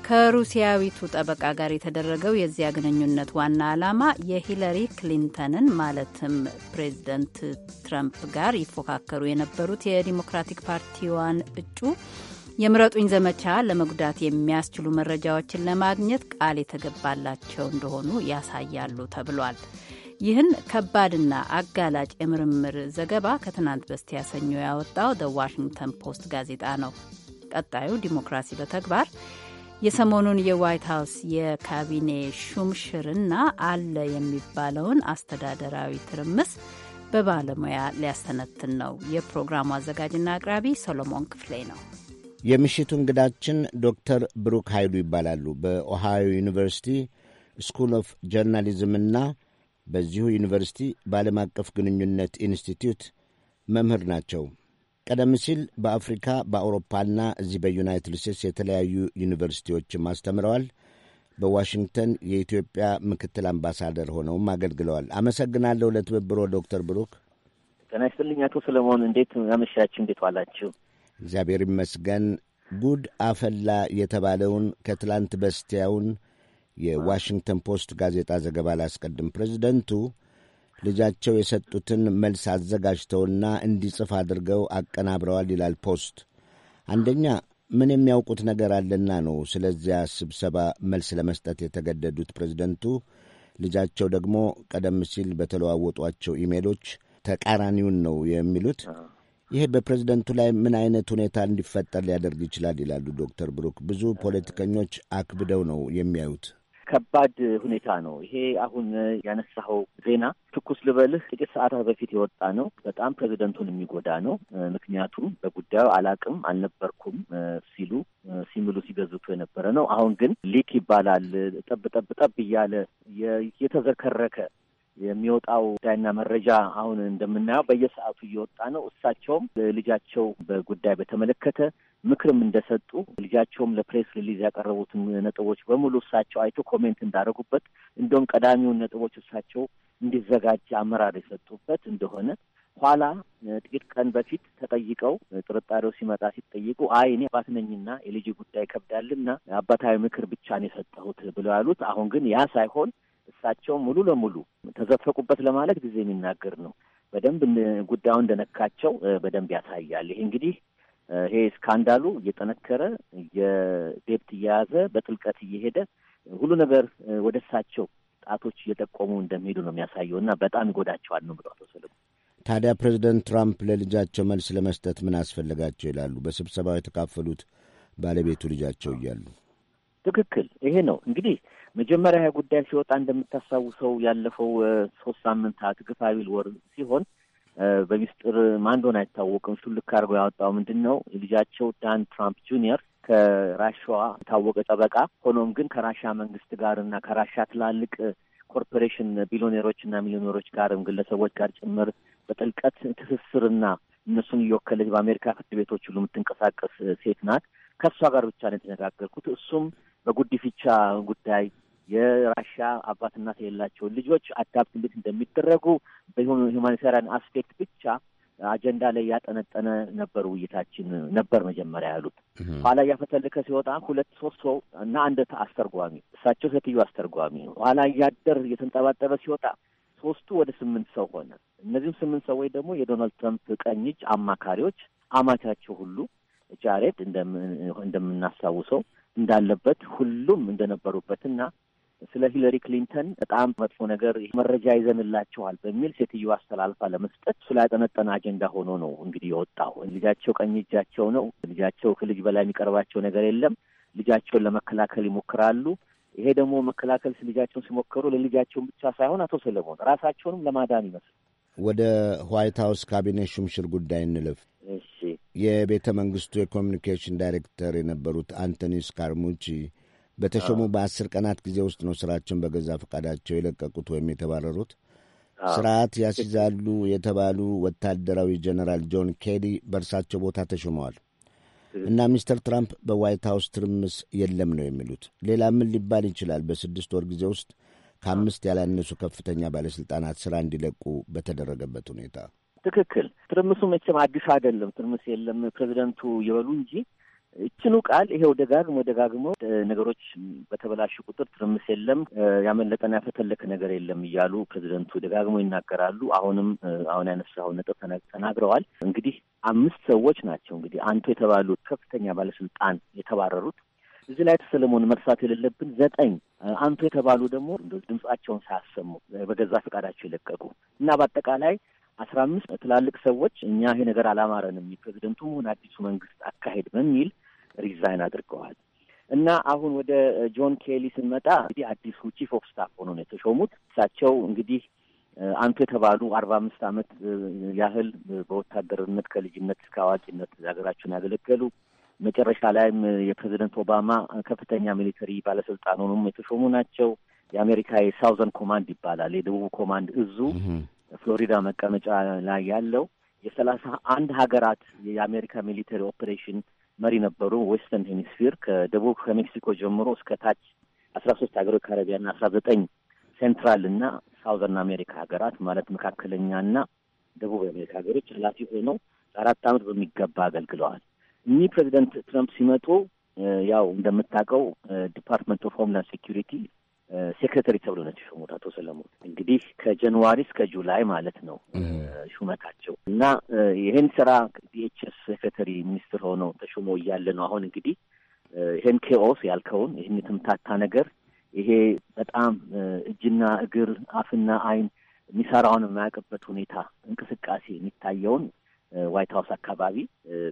ከሩሲያዊቱ ጠበቃ ጋር የተደረገው የዚያ ግንኙነት ዋና ዓላማ የሂለሪ ክሊንተንን ማለትም ፕሬዚደንት ትራምፕ ጋር ይፎካከሩ የነበሩት የዲሞክራቲክ ፓርቲዋን እጩ የምረጡኝ ዘመቻ ለመጉዳት የሚያስችሉ መረጃዎችን ለማግኘት ቃል የተገባላቸው እንደሆኑ ያሳያሉ ተብሏል። ይህን ከባድና አጋላጭ የምርምር ዘገባ ከትናንት በስቲያ ሰኞ ያወጣው ደ ዋሽንግተን ፖስት ጋዜጣ ነው። ቀጣዩ ዲሞክራሲ በተግባር የሰሞኑን የዋይት ሀውስ የካቢኔ ሹምሽርና አለ የሚባለውን አስተዳደራዊ ትርምስ በባለሙያ ሊያስተነትን ነው። የፕሮግራሙ አዘጋጅና አቅራቢ ሰሎሞን ክፍሌ ነው። የምሽቱ እንግዳችን ዶክተር ብሩክ ኃይሉ ይባላሉ። በኦሃዮ ዩኒቨርሲቲ ስኩል ኦፍ ጆርናሊዝምና በዚሁ ዩኒቨርሲቲ በዓለም አቀፍ ግንኙነት ኢንስቲትዩት መምህር ናቸው። ቀደም ሲል በአፍሪካ በአውሮፓና እዚህ በዩናይትድ ስቴትስ የተለያዩ ዩኒቨርሲቲዎችም አስተምረዋል። በዋሽንግተን የኢትዮጵያ ምክትል አምባሳደር ሆነውም አገልግለዋል። አመሰግናለሁ ለትብብሮ ዶክተር ብሩክ። ጤና ይስጥልኝ አቶ ሰለሞን። እንዴት አመሻችሁ? እንዴት ዋላችሁ? እግዚአብሔር ይመስገን። ጉድ አፈላ የተባለውን ከትላንት በስቲያውን የዋሽንግተን ፖስት ጋዜጣ ዘገባ ላስቀድም። ፕሬዚደንቱ ልጃቸው የሰጡትን መልስ አዘጋጅተውና እንዲጽፍ አድርገው አቀናብረዋል ይላል ፖስት። አንደኛ ምን የሚያውቁት ነገር አለና ነው ስለዚያ ስብሰባ መልስ ለመስጠት የተገደዱት ፕሬዚደንቱ። ልጃቸው ደግሞ ቀደም ሲል በተለዋወጧቸው ኢሜሎች ተቃራኒውን ነው የሚሉት። ይሄ በፕሬዝደንቱ ላይ ምን አይነት ሁኔታ እንዲፈጠር ሊያደርግ ይችላል ይላሉ ዶክተር ብሩክ። ብዙ ፖለቲከኞች አክብደው ነው የሚያዩት። ከባድ ሁኔታ ነው። ይሄ አሁን ያነሳኸው ዜና ትኩስ ልበልህ ጥቂት ሰዓታት በፊት የወጣ ነው። በጣም ፕሬዚደንቱን የሚጎዳ ነው። ምክንያቱም በጉዳዩ አላቅም አልነበርኩም ሲሉ ሲምሉ ሲገዝቱ የነበረ ነው። አሁን ግን ሊክ ይባላል ጠብ ጠብ ጠብ እያለ የተዘከረከ የሚወጣው ጉዳይና መረጃ አሁን እንደምናየው በየሰዓቱ እየወጣ ነው። እሳቸውም ልጃቸው በጉዳይ በተመለከተ ምክርም እንደሰጡ ልጃቸውም ለፕሬስ ሪሊዝ ያቀረቡትን ነጥቦች በሙሉ እሳቸው አይቶ ኮሜንት እንዳደረጉበት እንደውም ቀዳሚውን ነጥቦች እሳቸው እንዲዘጋጅ አመራር የሰጡበት እንደሆነ ኋላ ጥቂት ቀን በፊት ተጠይቀው ጥርጣሬው ሲመጣ ሲጠይቁ አይ እኔ አባት ነኝና የልጅ ጉዳይ ከብዳልና አባታዊ ምክር ብቻ ነው የሰጠሁት ብለው ያሉት። አሁን ግን ያ ሳይሆን እሳቸው ሙሉ ለሙሉ ተዘፈቁበት ለማለት ጊዜ የሚናገር ነው። በደንብ ጉዳዩ እንደነካቸው በደንብ ያሳያል። ይሄ እንግዲህ ይሄ ስካንዳሉ እየጠነከረ የዴብት እየያዘ በጥልቀት እየሄደ ሁሉ ነገር ወደ እሳቸው ጣቶች እየጠቆሙ እንደሚሄዱ ነው የሚያሳየው እና በጣም ይጎዳቸዋል ነው ብሎ አቶ ሰለሞን። ታዲያ ፕሬዚደንት ትራምፕ ለልጃቸው መልስ ለመስጠት ምን አስፈለጋቸው ይላሉ። በስብሰባው የተካፈሉት ባለቤቱ ልጃቸው እያሉ ትክክል። ይሄ ነው እንግዲህ መጀመሪያ ያ ጉዳይ ሲወጣ እንደምታስታውሰው ያለፈው ሶስት ሳምንታት ግፋ ወር ሲሆን በሚስጥር ማንዶን አይታወቅም። ልክ አድርገው ያወጣው ምንድን ነው ልጃቸው ዳን ትራምፕ ጁኒየር ከራሻዋ የታወቀ ጠበቃ፣ ሆኖም ግን ከራሻ መንግስት ጋር እና ከራሻ ትላልቅ ኮርፖሬሽን ቢሊዮኔሮች እና ሚሊዮኔሮች ጋርም ግለሰቦች ጋር ጭምር በጥልቀት ትስስርና እነሱን እየወከለች በአሜሪካ ፍርድ ቤቶች ሁሉ የምትንቀሳቀስ ሴት ናት። ከእሷ ጋር ብቻ ነው የተነጋገርኩት። እሱም ፊቻ ጉዳይ የራሻ አባት እናት ልጆች አዳፕት እንዴት እንደሚደረጉ በሁማኒታሪያን አስፔክት ብቻ አጀንዳ ላይ ያጠነጠነ ነበር ውይይታችን ነበር መጀመሪያ ያሉት። ኋላ እያፈተልከ ሲወጣ ሁለት ሶስት ሰው እና አንድ አስተርጓሚ እሳቸው ሴትዮ አስተርጓሚ ኋላ እያደር እየተንጠባጠበ ሲወጣ ሶስቱ ወደ ስምንት ሰው ሆነ። እነዚህም ስምንት ሰዎች ደግሞ የዶናልድ ትራምፕ ቀኝ እጅ አማካሪዎች አማቻቸው ሁሉ ጃሬድ እንደምናስታውሰው እንዳለበት ሁሉም እንደነበሩበትና ስለ ሂለሪ ክሊንተን በጣም መጥፎ ነገር መረጃ ይዘንላቸዋል በሚል ሴትዮ አስተላልፋ ለመስጠት እሱ ላይ ያጠነጠነ አጀንዳ ሆኖ ነው እንግዲህ የወጣው። ልጃቸው ቀኝ እጃቸው ነው። ልጃቸው ከልጅ በላይ የሚቀርባቸው ነገር የለም። ልጃቸውን ለመከላከል ይሞክራሉ። ይሄ ደግሞ መከላከል ልጃቸውን ሲሞክሩ ለልጃቸውን ብቻ ሳይሆን አቶ ሰለሞን ራሳቸውንም ለማዳን ይመስል ወደ ዋይት ሀውስ ካቢኔ ሹምሽር ጉዳይ እንልፍ። የቤተ መንግስቱ የኮሚኒኬሽን ዳይሬክተር የነበሩት አንቶኒ ስካርሙቺ በተሾሙ በአስር ቀናት ጊዜ ውስጥ ነው ስራቸውን በገዛ ፈቃዳቸው የለቀቁት ወይም የተባረሩት። ስርዓት ያስይዛሉ የተባሉ ወታደራዊ ጀነራል ጆን ኬሪ በእርሳቸው ቦታ ተሾመዋል እና ሚስተር ትራምፕ በዋይት ሀውስ ትርምስ የለም ነው የሚሉት። ሌላ ምን ሊባል ይችላል? በስድስት ወር ጊዜ ውስጥ ከአምስት ያላነሱ ከፍተኛ ባለስልጣናት ስራ እንዲለቁ በተደረገበት ሁኔታ ትክክል። ትርምሱ መቼም አዲስ አይደለም። ትርምስ የለም ፕሬዚደንቱ ይበሉ እንጂ ይችኑ ቃል ይሄው ደጋግሞ ደጋግሞ ነገሮች በተበላሹ ቁጥር ትርምስ የለም ያመለጠን ያፈተለክ ነገር የለም እያሉ ፕሬዚደንቱ ደጋግሞ ይናገራሉ። አሁንም አሁን ያነሳው ነጥብ ተናግረዋል። እንግዲህ አምስት ሰዎች ናቸው እንግዲህ አንቱ የተባሉት ከፍተኛ ባለስልጣን የተባረሩት። እዚህ ላይ ተሰለሞን መርሳት የሌለብን ዘጠኝ አንቱ የተባሉ ደግሞ ድምጻቸውን ሳያሰሙ በገዛ ፈቃዳቸው የለቀቁ እና በአጠቃላይ አስራ አምስት ትላልቅ ሰዎች እኛ ይሄ ነገር አላማረንም የፕሬዚደንቱም ሆነ አዲሱ መንግስት አካሄድ በሚል ሪዛይን አድርገዋል። እና አሁን ወደ ጆን ኬሊ ስንመጣ እንግዲህ አዲሱ ቺፍ ኦፍ ስታፍ ሆኖ ነው የተሾሙት። እሳቸው እንግዲህ አንቱ የተባሉ አርባ አምስት ዓመት ያህል በወታደርነት ከልጅነት እስከ አዋቂነት ሀገራቸውን ያገለገሉ መጨረሻ ላይም የፕሬዚደንት ኦባማ ከፍተኛ ሚሊተሪ ባለስልጣን ሆኖም የተሾሙ ናቸው። የአሜሪካ የሳውዘን ኮማንድ ይባላል የደቡብ ኮማንድ እዙ ፍሎሪዳ መቀመጫ ላይ ያለው የሰላሳ አንድ ሀገራት የአሜሪካ ሚሊተሪ ኦፕሬሽን መሪ ነበሩ። ዌስተርን ሄሚስፌር ከደቡብ ከሜክሲኮ ጀምሮ እስከ ታች አስራ ሶስት ሀገሮች ካረቢያና አስራ ዘጠኝ ሴንትራል እና ሳውዘርን አሜሪካ ሀገራት ማለት መካከለኛና ደቡብ አሜሪካ ሀገሮች ኃላፊ ሆነው አራት ዓመት በሚገባ አገልግለዋል። እኚህ ፕሬዚደንት ትራምፕ ሲመጡ ያው እንደምታውቀው ዲፓርትመንት ኦፍ ሆምላንድ ሴኪሪቲ ሴክሬተሪ ተብሎ ነው የተሾሙት አቶ ሰለሞን እንግዲህ ከጀንዋሪ እስከ ጁላይ ማለት ነው ሹመታቸው እና ይህን ስራ ዲኤችኤስ ሴክሬተሪ ሚኒስትር ሆነው ተሾሞ እያለ ነው አሁን እንግዲህ ይህን ኬኦስ ያልከውን ይህን የተምታታ ነገር ይሄ በጣም እጅና እግር አፍና አይን የሚሰራውን የማያውቅበት ሁኔታ እንቅስቃሴ የሚታየውን ዋይት ሀውስ አካባቢ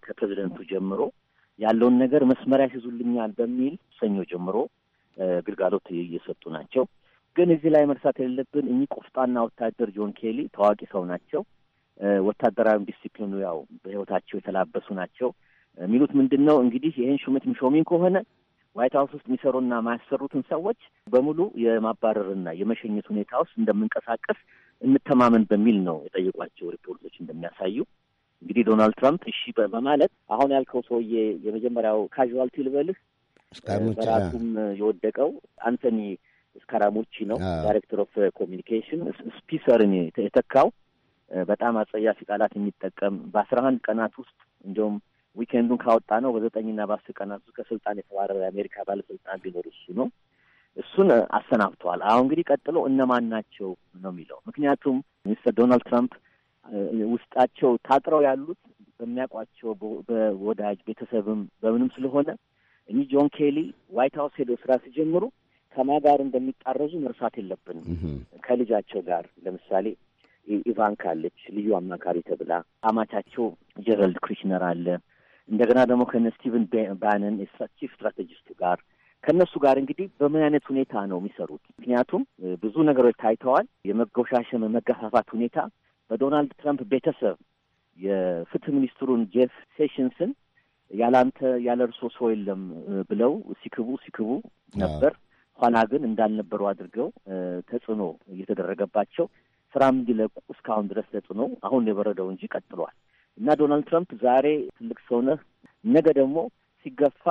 ከፕሬዚደንቱ ጀምሮ ያለውን ነገር መስመሪያ ሲዙልኛል በሚል ሰኞ ጀምሮ ግልጋሎት እየሰጡ ናቸው። ግን እዚህ ላይ መርሳት የሌለብን እኚህ ቆፍጣና ወታደር ጆን ኬሊ ታዋቂ ሰው ናቸው። ወታደራዊ ዲስፕሊኑ ያው በህይወታቸው የተላበሱ ናቸው። የሚሉት ምንድን ነው እንግዲህ ይህን ሹመት የሚሾሚን ከሆነ ዋይት ሀውስ ውስጥ የሚሰሩና ማያሰሩትን ሰዎች በሙሉ የማባረርና የመሸኘት ሁኔታ ውስጥ እንደምንቀሳቀስ እንተማመን በሚል ነው የጠየቋቸው። ሪፖርቶች እንደሚያሳዩ እንግዲህ ዶናልድ ትራምፕ እሺ በማለት አሁን ያልከው ሰውዬ የመጀመሪያው ካዥዋልቲ ልበልህ በራሱም የወደቀው አንቶኒ ስካራሙቺ ነው፣ ዳይሬክተር ኦፍ ኮሚኒኬሽን ስፒሰርን የተካው በጣም አጸያፊ ቃላት የሚጠቀም በአስራ አንድ ቀናት ውስጥ እንዲሁም ዊኬንዱን ካወጣ ነው በዘጠኝና በአስር ቀናት ውስጥ ከስልጣን የተባረረ የአሜሪካ ባለስልጣን ቢኖር እሱ ነው። እሱን አሰናብተዋል። አሁን እንግዲህ ቀጥሎ እነማን ናቸው ነው የሚለው። ምክንያቱም ሚስተር ዶናልድ ትራምፕ ውስጣቸው ታጥረው ያሉት በሚያውቋቸው በወዳጅ ቤተሰብም በምንም ስለሆነ እኚህ ጆን ኬሊ ዋይት ሀውስ ሄደው ስራ ሲጀምሩ ከማ ጋር እንደሚጣረዙ መርሳት የለብንም። ከልጃቸው ጋር ለምሳሌ ኢቫንካ አለች፣ ልዩ አማካሪ ተብላ አማቻቸው ጀራልድ ክሪሽነር አለ። እንደገና ደግሞ ከነ ስቲቨን ባነን ቺፍ ስትራቴጂስቱ ጋር ከእነሱ ጋር እንግዲህ በምን አይነት ሁኔታ ነው የሚሰሩት? ምክንያቱም ብዙ ነገሮች ታይተዋል። የመጎሻሸም መገፋፋት ሁኔታ በዶናልድ ትራምፕ ቤተሰብ የፍትህ ሚኒስትሩን ጄፍ ሴሽንስን ያላንተ ያለ እርሶ ሰው የለም ብለው ሲክቡ ሲክቡ ነበር። ኋላ ግን እንዳልነበሩ አድርገው ተጽዕኖ እየተደረገባቸው ስራም እንዲለቁ እስካሁን ድረስ ተጽዕኖ አሁን የበረደው እንጂ ቀጥሏል እና ዶናልድ ትራምፕ ዛሬ ትልቅ ሰው ነህ፣ ነገ ደግሞ ሲገፋ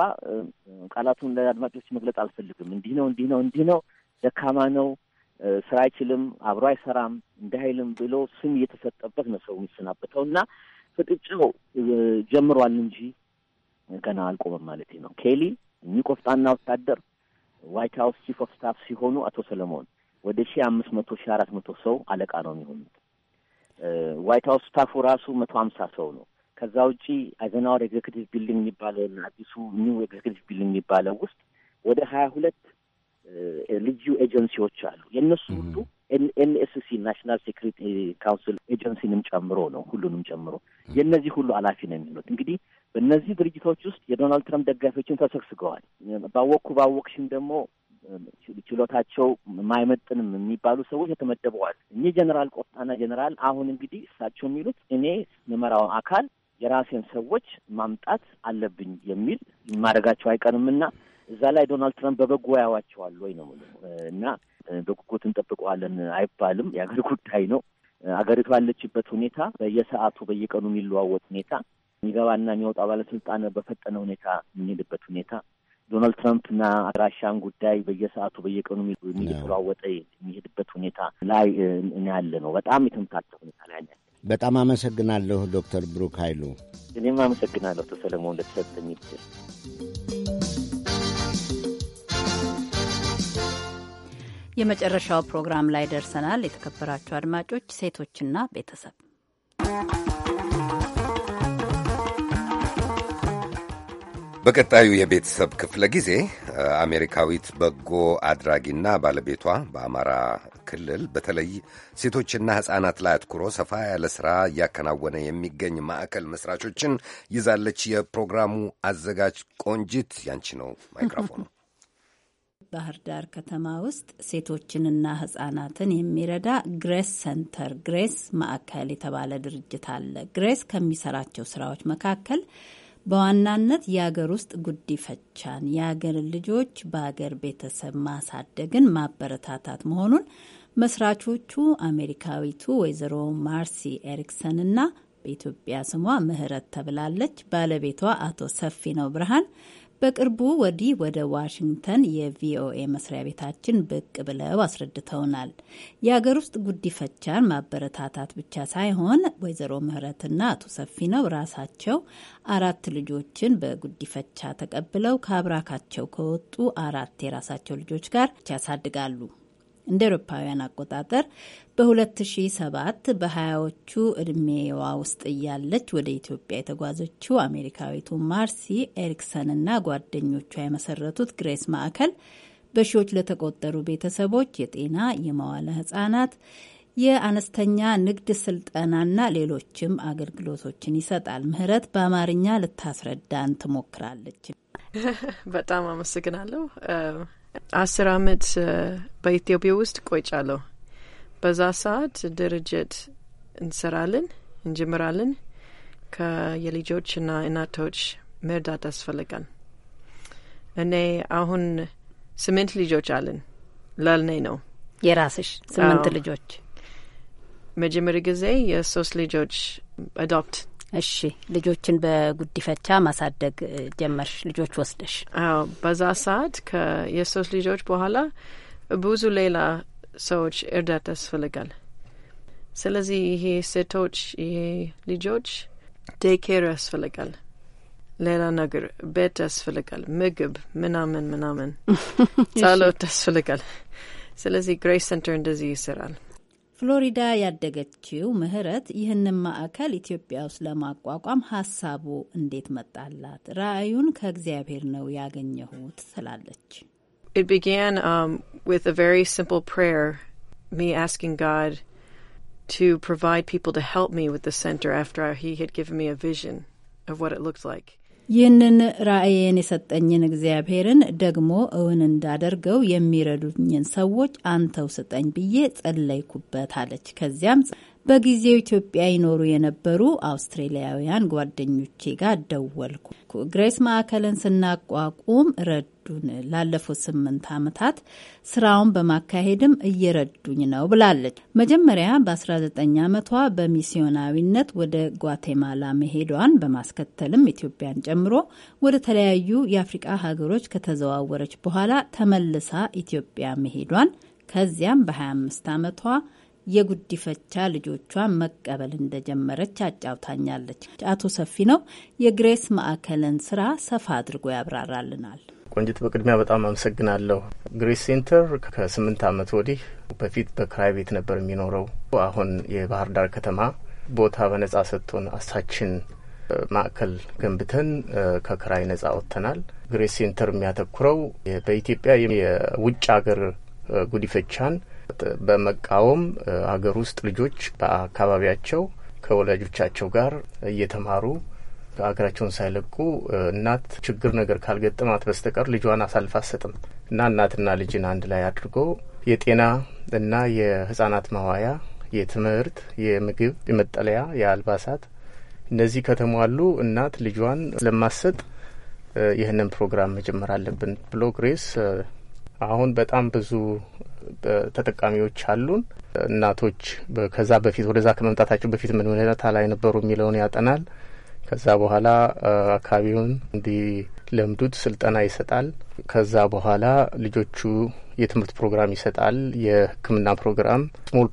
ቃላቱን ለአድማጮች መግለጽ አልፈልግም። እንዲህ ነው እንዲህ ነው እንዲህ ነው፣ ደካማ ነው፣ ስራ አይችልም፣ አብሮ አይሰራም፣ እንደ አይልም ብሎ ስም እየተሰጠበት ነው ሰው የሚሰናበተው እና ፍጥጫው ጀምሯል እንጂ ገና አልቆመም ማለት ነው። ኬሊ እኚህ ቆፍጣና ወታደር ዋይት ሀውስ ቺፍ ኦፍ ስታፍ ሲሆኑ አቶ ሰለሞን ወደ ሺ አምስት መቶ ሺ አራት መቶ ሰው አለቃ ነው የሚሆኑት። ዋይት ሀውስ ስታፉ ራሱ መቶ ሀምሳ ሰው ነው። ከዛ ውጪ አይዘናወር ኤግዜክቲቭ ቢልዲንግ የሚባለውና አዲሱ ኒው ኤግዜክቲቭ ቢልዲንግ የሚባለው ውስጥ ወደ ሀያ ሁለት ልዩ ኤጀንሲዎች አሉ። የእነሱ ሁሉ ኤንኤስሲ ናሽናል ሴኩሪቲ ካውንስል ኤጀንሲንም ጨምሮ ነው ሁሉንም ጨምሮ የእነዚህ ሁሉ ኃላፊ ነው የሚሆኑት። እንግዲህ በእነዚህ ድርጅቶች ውስጥ የዶናልድ ትራምፕ ደጋፊዎችን ተሰግስገዋል። ባወቅኩ ባወቅሽም ደግሞ ችሎታቸው የማይመጥንም የሚባሉ ሰዎች የተመደበዋል። እኚህ ጀኔራል ቆፍጣና ጀኔራል አሁን እንግዲህ እሳቸው የሚሉት እኔ ምመራውን አካል የራሴን ሰዎች ማምጣት አለብኝ የሚል ማድረጋቸው አይቀርምና እዛ ላይ ዶናልድ ትራምፕ በበጎ ያዋቸዋል ወይ ነው እና በጉጉት እንጠብቀዋለን አይባልም። የአገር ጉዳይ ነው። አገሪቱ ያለችበት ሁኔታ በየሰዓቱ በየቀኑ የሚለዋወጥ ሁኔታ የሚገባና የሚወጣ ባለስልጣን በፈጠነ ሁኔታ የሚሄድበት ሁኔታ ዶናልድ ትራምፕና ራሻን ጉዳይ በየሰዓቱ በየቀኑ የሚተለዋወጠ የሚሄድበት ሁኔታ ላይ እኔ ያለ ነው። በጣም የተምታተ ሁኔታ ላይ ያለ። በጣም አመሰግናለሁ ዶክተር ብሩክ ኃይሉ። እኔም አመሰግናለሁ ተሰለሞን ለተሰጠኝ ጊዜ። የመጨረሻው ፕሮግራም ላይ ደርሰናል። የተከበራችሁ አድማጮች፣ ሴቶችና ቤተሰብ በቀጣዩ የቤተሰብ ክፍለ ጊዜ አሜሪካዊት በጎ አድራጊና ባለቤቷ በአማራ ክልል በተለይ ሴቶችና ሕፃናት ላይ አትኩሮ ሰፋ ያለ ሥራ እያከናወነ የሚገኝ ማዕከል መስራቾችን ይዛለች። የፕሮግራሙ አዘጋጅ ቆንጂት ያንቺ ነው ማይክሮፎኑ። ባህር ዳር ከተማ ውስጥ ሴቶችንና ህጻናትን የሚረዳ ግሬስ ሰንተር ግሬስ ማዕከል የተባለ ድርጅት አለ። ግሬስ ከሚሰራቸው ስራዎች መካከል በዋናነት የአገር ውስጥ ጉዲፈቻን፣ የአገር ልጆች በአገር ቤተሰብ ማሳደግን ማበረታታት መሆኑን መስራቾቹ አሜሪካዊቱ ወይዘሮ ማርሲ ኤሪክሰን እና በኢትዮጵያ ስሟ ምህረት ተብላለች ባለቤቷ አቶ ሰፊ ነው ብርሃን በቅርቡ ወዲህ ወደ ዋሽንግተን የቪኦኤ መስሪያ ቤታችን ብቅ ብለው አስረድተውናል። የሀገር ውስጥ ጉዲፈቻን ማበረታታት ብቻ ሳይሆን ወይዘሮ ምህረትና አቶ ሰፊ ነው ራሳቸው አራት ልጆችን በጉዲፈቻ ተቀብለው ከአብራካቸው ከወጡ አራት የራሳቸው ልጆች ጋር ያሳድጋሉ። እንደ ኤሮፓውያን አቆጣጠር በ2007 በሀያዎቹ እድሜዋ ውስጥ እያለች ወደ ኢትዮጵያ የተጓዘችው አሜሪካዊቱ ማርሲ ኤሪክሰንና ጓደኞቿ የመሰረቱት ግሬስ ማዕከል በሺዎች ለተቆጠሩ ቤተሰቦች የጤና፣ የመዋለ ህጻናት፣ የአነስተኛ ንግድ ስልጠናና ሌሎችም አገልግሎቶችን ይሰጣል። ምህረት በአማርኛ ልታስረዳን ትሞክራለች። በጣም አመሰግናለሁ። አስር አመት በኢትዮጵያ ውስጥ ቆይቻለሁ። በዛ ሰዓት ድርጅት እንሰራለን እንጀምራለን። ከየልጆችና እናቶች መርዳት ያስፈልጋል። እኔ አሁን ስምንት ልጆች አለን። ላልኔ ነው የራስሽ ስምንት ልጆች መጀመሪያ ጊዜ የሶስት ልጆች አዶፕት እሺ ልጆችን በጉዲፈቻ ማሳደግ ጀመርሽ ልጆች ወስደሽ? አዎ በዛ ሰዓት የሶስት ልጆች በኋላ ብዙ ሌላ ሰዎች እርዳታ ያስፈልጋል። ስለዚህ ይሄ ሴቶች ይሄ ልጆች ዴኬር ያስፈልጋል፣ ሌላ ነገር ቤት ያስፈልጋል፣ ምግብ ምናምን ምናምን፣ ጸሎት ያስፈልጋል። ስለዚህ ግሬስ ሴንተር እንደዚህ ይስራል። ፍሎሪዳ ያደገችው ምህረት ይህንን ማዕከል ኢትዮጵያ ውስጥ ለማቋቋም ሀሳቡ እንዴት መጣላት? ራዕዩን ከእግዚአብሔር ነው ያገኘሁት ትላለች። It began um, with a very simple prayer, me asking God to provide people to help me with the center after he had given me a vision of what it looked like. ይህንን ራእይን የሰጠኝን እግዚአብሔርን ደግሞ እውን እንዳደርገው የሚረዱኝን ሰዎች አንተው ስጠኝ ብዬ ጸለይኩበት አለች። ከዚያም በጊዜው ኢትዮጵያ ይኖሩ የነበሩ አውስትሬሊያውያን ጓደኞቼ ጋር ደወልኩ። ግሬስ ማዕከልን ስናቋቁም ረዱን። ላለፉት ስምንት ዓመታት ስራውን በማካሄድም እየረዱኝ ነው ብላለች። መጀመሪያ በ19 ዓመቷ በሚስዮናዊነት ወደ ጓቴማላ መሄዷን በማስከተልም ኢትዮጵያን ጨምሮ ወደ ተለያዩ የአፍሪቃ ሀገሮች ከተዘዋወረች በኋላ ተመልሳ ኢትዮጵያ መሄዷን ከዚያም በ25 ዓመቷ የጉዲፈቻ ልጆቿን መቀበል እንደጀመረች አጫውታኛለች። አቶ ሰፊ ነው የግሬስ ማዕከልን ስራ ሰፋ አድርጎ ያብራራልናል። ቆንጅት፣ በቅድሚያ በጣም አመሰግናለሁ። ግሬስ ሴንተር ከስምንት ዓመት ወዲህ በፊት በክራይ ቤት ነበር የሚኖረው። አሁን የባህር ዳር ከተማ ቦታ በነጻ ሰጥቶን አሳችን ማዕከል ገንብተን ከክራይ ነጻ ወጥተናል። ግሬስ ሴንተር የሚያተኩረው በኢትዮጵያ የውጭ ሀገር ጉዲፈቻን በመቃወም ሀገር ውስጥ ልጆች በአካባቢያቸው ከወላጆቻቸው ጋር እየተማሩ ሀገራቸውን ሳይለቁ እናት ችግር ነገር ካልገጠማት በስተቀር ልጇን አሳልፍ አትሰጥም እና እናትና ልጅን አንድ ላይ አድርጎ የጤና እና የህጻናት ማዋያ፣ የትምህርት፣ የምግብ፣ የመጠለያ፣ የአልባሳት እነዚህ ከተሟሉ እናት ልጇን ስለማሰጥ ይህንን ፕሮግራም መጀመር አለብን ብሎ ግሬስ አሁን በጣም ብዙ ተጠቃሚዎች አሉን። እናቶች ከዛ በፊት ወደዛ ከመምጣታቸው በፊት ምን ሁኔታ ላይ ነበሩ የሚለውን ያጠናል። ከዛ በኋላ አካባቢውን እንዲለምዱት ስልጠና ይሰጣል። ከዛ በኋላ ልጆቹ የትምህርት ፕሮግራም ይሰጣል። የሕክምና ፕሮግራም፣ ስሞል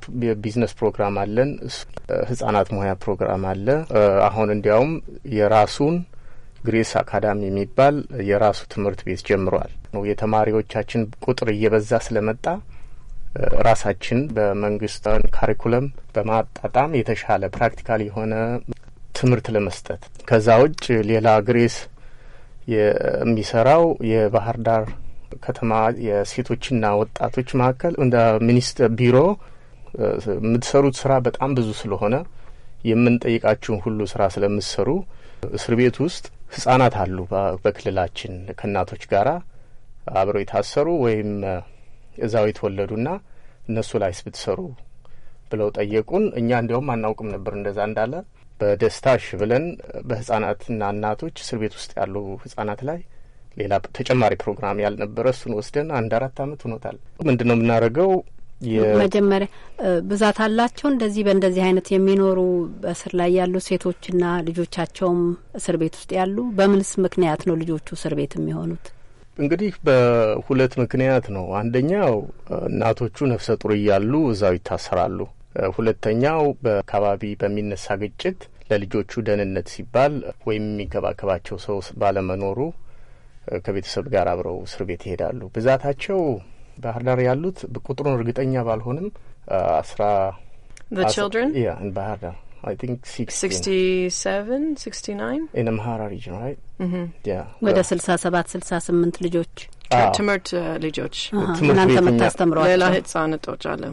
ቢዝነስ ፕሮግራም አለን። ህጻናት ሙያ ፕሮግራም አለ። አሁን እንዲያውም የራሱን ግሬስ አካዳሚ የሚባል የራሱ ትምህርት ቤት ጀምሯል። የተማሪዎቻችን ቁጥር እየበዛ ስለመጣ ራሳችን በመንግስታን ካሪኩለም በማጣጣም የተሻለ ፕራክቲካል የሆነ ትምህርት ለመስጠት ከዛ ውጭ ሌላ ግሬስ የሚሰራው የባህር ዳር ከተማ የሴቶችና ወጣቶች መካከል እንደ ሚኒስትር ቢሮ የምትሰሩት ስራ በጣም ብዙ ስለሆነ የምንጠይቃችሁን ሁሉ ስራ ስለምትሰሩ እስር ቤት ውስጥ ህጻናት አሉ። በክልላችን ከእናቶች ጋራ አብረው የታሰሩ ወይም እዛው የተወለዱና እነሱ ላይስ ብትሰሩ ብለው ጠየቁን። እኛ እንዲያውም አናውቅም ነበር እንደዛ እንዳለ። በደስታ እሺ ብለን በህጻናትና እናቶች እስር ቤት ውስጥ ያሉ ህጻናት ላይ ሌላ ተጨማሪ ፕሮግራም ያልነበረ እሱን ወስደን አንድ አራት አመት ሆኖታል። ምንድን ነው የምናደርገው? መጀመሪያ ብዛት አላቸው እንደዚህ በእንደዚህ አይነት የሚኖሩ በእስር ላይ ያሉ ሴቶችና ልጆቻቸውም እስር ቤት ውስጥ ያሉ። በምንስ ምክንያት ነው ልጆቹ እስር ቤት የሚሆኑት? እንግዲህ በሁለት ምክንያት ነው። አንደኛው እናቶቹ ነፍሰ ጡር እያሉ እዛው ይታሰራሉ። ሁለተኛው በአካባቢ በሚነሳ ግጭት ለልጆቹ ደህንነት ሲባል ወይም የሚንከባከባቸው ሰው ባለመኖሩ ከቤተሰብ ጋር አብረው እስር ቤት ይሄዳሉ። ብዛታቸው ባህር ዳር ያሉት ቁጥሩን እርግጠኛ ባልሆንም አስራ ባህር ዳር I think 16. 67, 69? In Amhara region, right? Mm-hmm. Yeah. ወደ 67 ልጆች ah. ትምህርት uh, ልጆች ሌላ አለ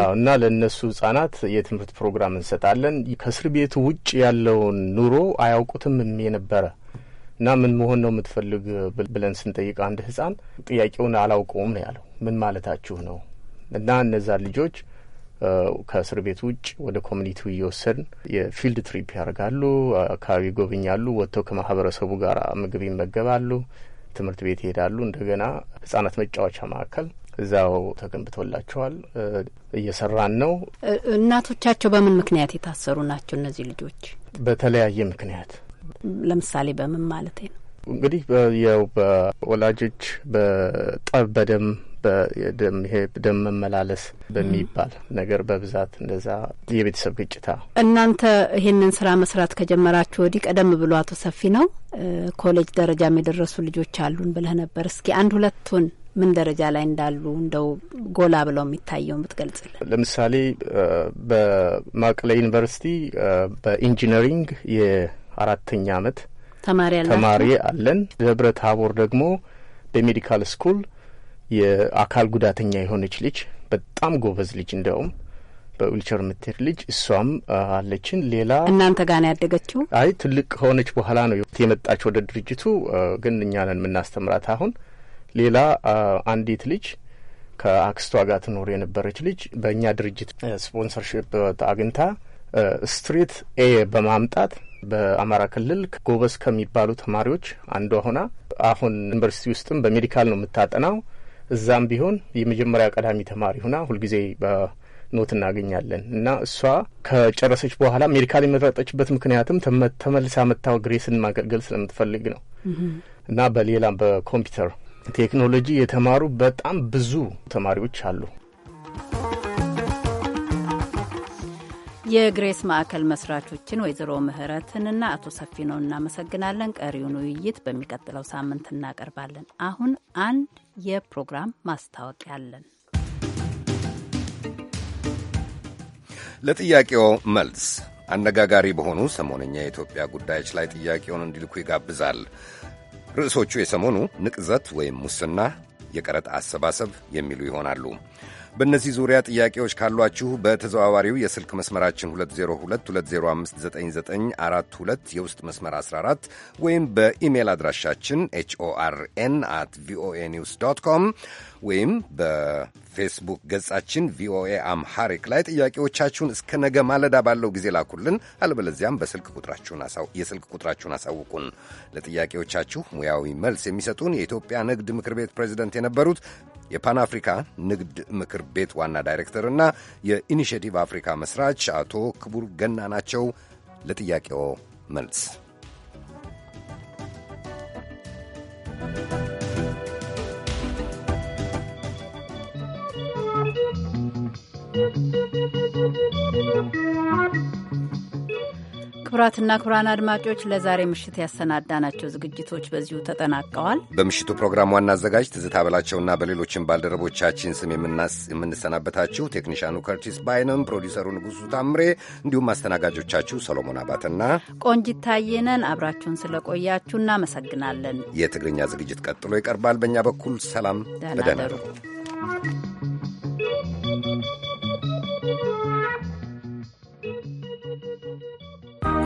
ah, እና ለእነሱ ህጻናት የትምህርት ፕሮግራም እንሰጣለን። ከእስር ቤቱ ውጭ ያለውን ኑሮ አያውቁትም የነበረ እና ምን መሆን ነው የምትፈልግ ብለን ስንጠይቅ አንድ ህጻን ጥያቄውን አላውቀውም ነው ያለው። ምን ማለታችሁ ነው? እና እነዛ ልጆች ከእስር ቤት ውጭ ወደ ኮሚኒቲው እየወሰድን የፊልድ ትሪፕ ያደርጋሉ፣ አካባቢ ይጎበኛሉ፣ ወጥተው ከማህበረሰቡ ጋር ምግብ ይመገባሉ፣ ትምህርት ቤት ይሄዳሉ። እንደገና ህጻናት መጫወቻ ማዕከል እዛው ተገንብቶላቸዋል። እየሰራን ነው። እናቶቻቸው በምን ምክንያት የታሰሩ ናቸው? እነዚህ ልጆች በተለያየ ምክንያት ለምሳሌ በምን ማለት ነው? እንግዲህ ያው በወላጆች በጠብ በደም ደም መመላለስ በሚባል ነገር በብዛት እንደዛ የቤተሰብ ግጭታ። እናንተ ይህንን ስራ መስራት ከጀመራችሁ ወዲህ ቀደም ብሎ አቶ ሰፊ ነው ኮሌጅ ደረጃም የደረሱ ልጆች አሉን ብለህ ነበር። እስኪ አንድ ሁለቱን ምን ደረጃ ላይ እንዳሉ እንደው ጎላ ብለው የሚታየው ምትገልጽልን። ለምሳሌ በመቀሌ ዩኒቨርሲቲ በኢንጂነሪንግ የአራተኛ አመት ተማሪ አለን። ደብረ ታቦር ደግሞ በሜዲካል ስኩል የአካል ጉዳተኛ የሆነች ልጅ በጣም ጎበዝ ልጅ እንደውም በዊልቸር የምትሄድ ልጅ እሷም አለችን። ሌላ እናንተ ጋር ነው ያደገችው? አይ ትልቅ ከሆነች በኋላ ነው የመጣች ወደ ድርጅቱ፣ ግን እኛ ነን የምናስተምራት አሁን። ሌላ አንዲት ልጅ ከአክስቷ ጋር ትኖር የነበረች ልጅ በእኛ ድርጅት ስፖንሰርሽፕ አግኝታ ስትሪት ኤ በማምጣት በአማራ ክልል ጎበዝ ከሚባሉ ተማሪዎች አንዷ ሆና አሁን ዩኒቨርሲቲ ውስጥም በሜዲካል ነው የምታጠናው እዛም ቢሆን የመጀመሪያ ቀዳሚ ተማሪ ሁና ሁልጊዜ በኖት እናገኛለን እና እሷ ከጨረሰች በኋላ ሜዲካል የመረጠችበት ምክንያትም ተመልሳ መታ ግሬስን ማገልገል ስለምትፈልግ ነው እና በሌላም በኮምፒውተር ቴክኖሎጂ የተማሩ በጣም ብዙ ተማሪዎች አሉ። የግሬስ ማዕከል መስራቾችን ወይዘሮ ምህረትንና አቶ ነው እናመሰግናለን። ቀሪውን ውይይት በሚቀጥለው ሳምንት እናቀርባለን። አሁን አንድ የፕሮግራም ማስታወቂያ አለን። ለጥያቄው መልስ አነጋጋሪ በሆኑ ሰሞነኛ የኢትዮጵያ ጉዳዮች ላይ ጥያቄውን እንዲልኩ ይጋብዛል። ርዕሶቹ የሰሞኑ ንቅዘት ወይም ሙስና፣ የቀረጥ አሰባሰብ የሚሉ ይሆናሉ። በእነዚህ ዙሪያ ጥያቄዎች ካሏችሁ በተዘዋዋሪው የስልክ መስመራችን 2022059942 የውስጥ መስመር 14 ወይም በኢሜል አድራሻችን ኤችኦአርኤን አት ቪኦኤ ኒውስ ዶት ኮም ወይም በፌስቡክ ገጻችን ቪኦኤ አምሃሪክ ላይ ጥያቄዎቻችሁን እስከ ነገ ማለዳ ባለው ጊዜ ላኩልን። አለበለዚያም በስልክ የስልክ ቁጥራችሁን አሳውቁን። ለጥያቄዎቻችሁ ሙያዊ መልስ የሚሰጡን የኢትዮጵያ ንግድ ምክር ቤት ፕሬዚደንት የነበሩት የፓን አፍሪካ ንግድ ምክር ቤት ዋና ዳይሬክተርና የኢኒሽቲቭ አፍሪካ መስራች አቶ ክቡር ገና ናቸው። ለጥያቄው መልስ Thank you. ክቡራትና ክቡራን አድማጮች ለዛሬ ምሽት ያሰናዳናቸው ዝግጅቶች በዚሁ ተጠናቀዋል። በምሽቱ ፕሮግራም ዋና አዘጋጅ ትዝታ በላቸውና በሌሎችም ባልደረቦቻችን ስም የምንሰናበታችሁ ቴክኒሻኑ ከርቲስ ባይነም፣ ፕሮዲሰሩ ንጉሱ ታምሬ እንዲሁም አስተናጋጆቻችሁ ሰሎሞን አባትና ቆንጂት ታየነን አብራችሁን ስለቆያችሁ እናመሰግናለን። የትግርኛ ዝግጅት ቀጥሎ ይቀርባል። በእኛ በኩል ሰላም፣ በደህና እደሩ።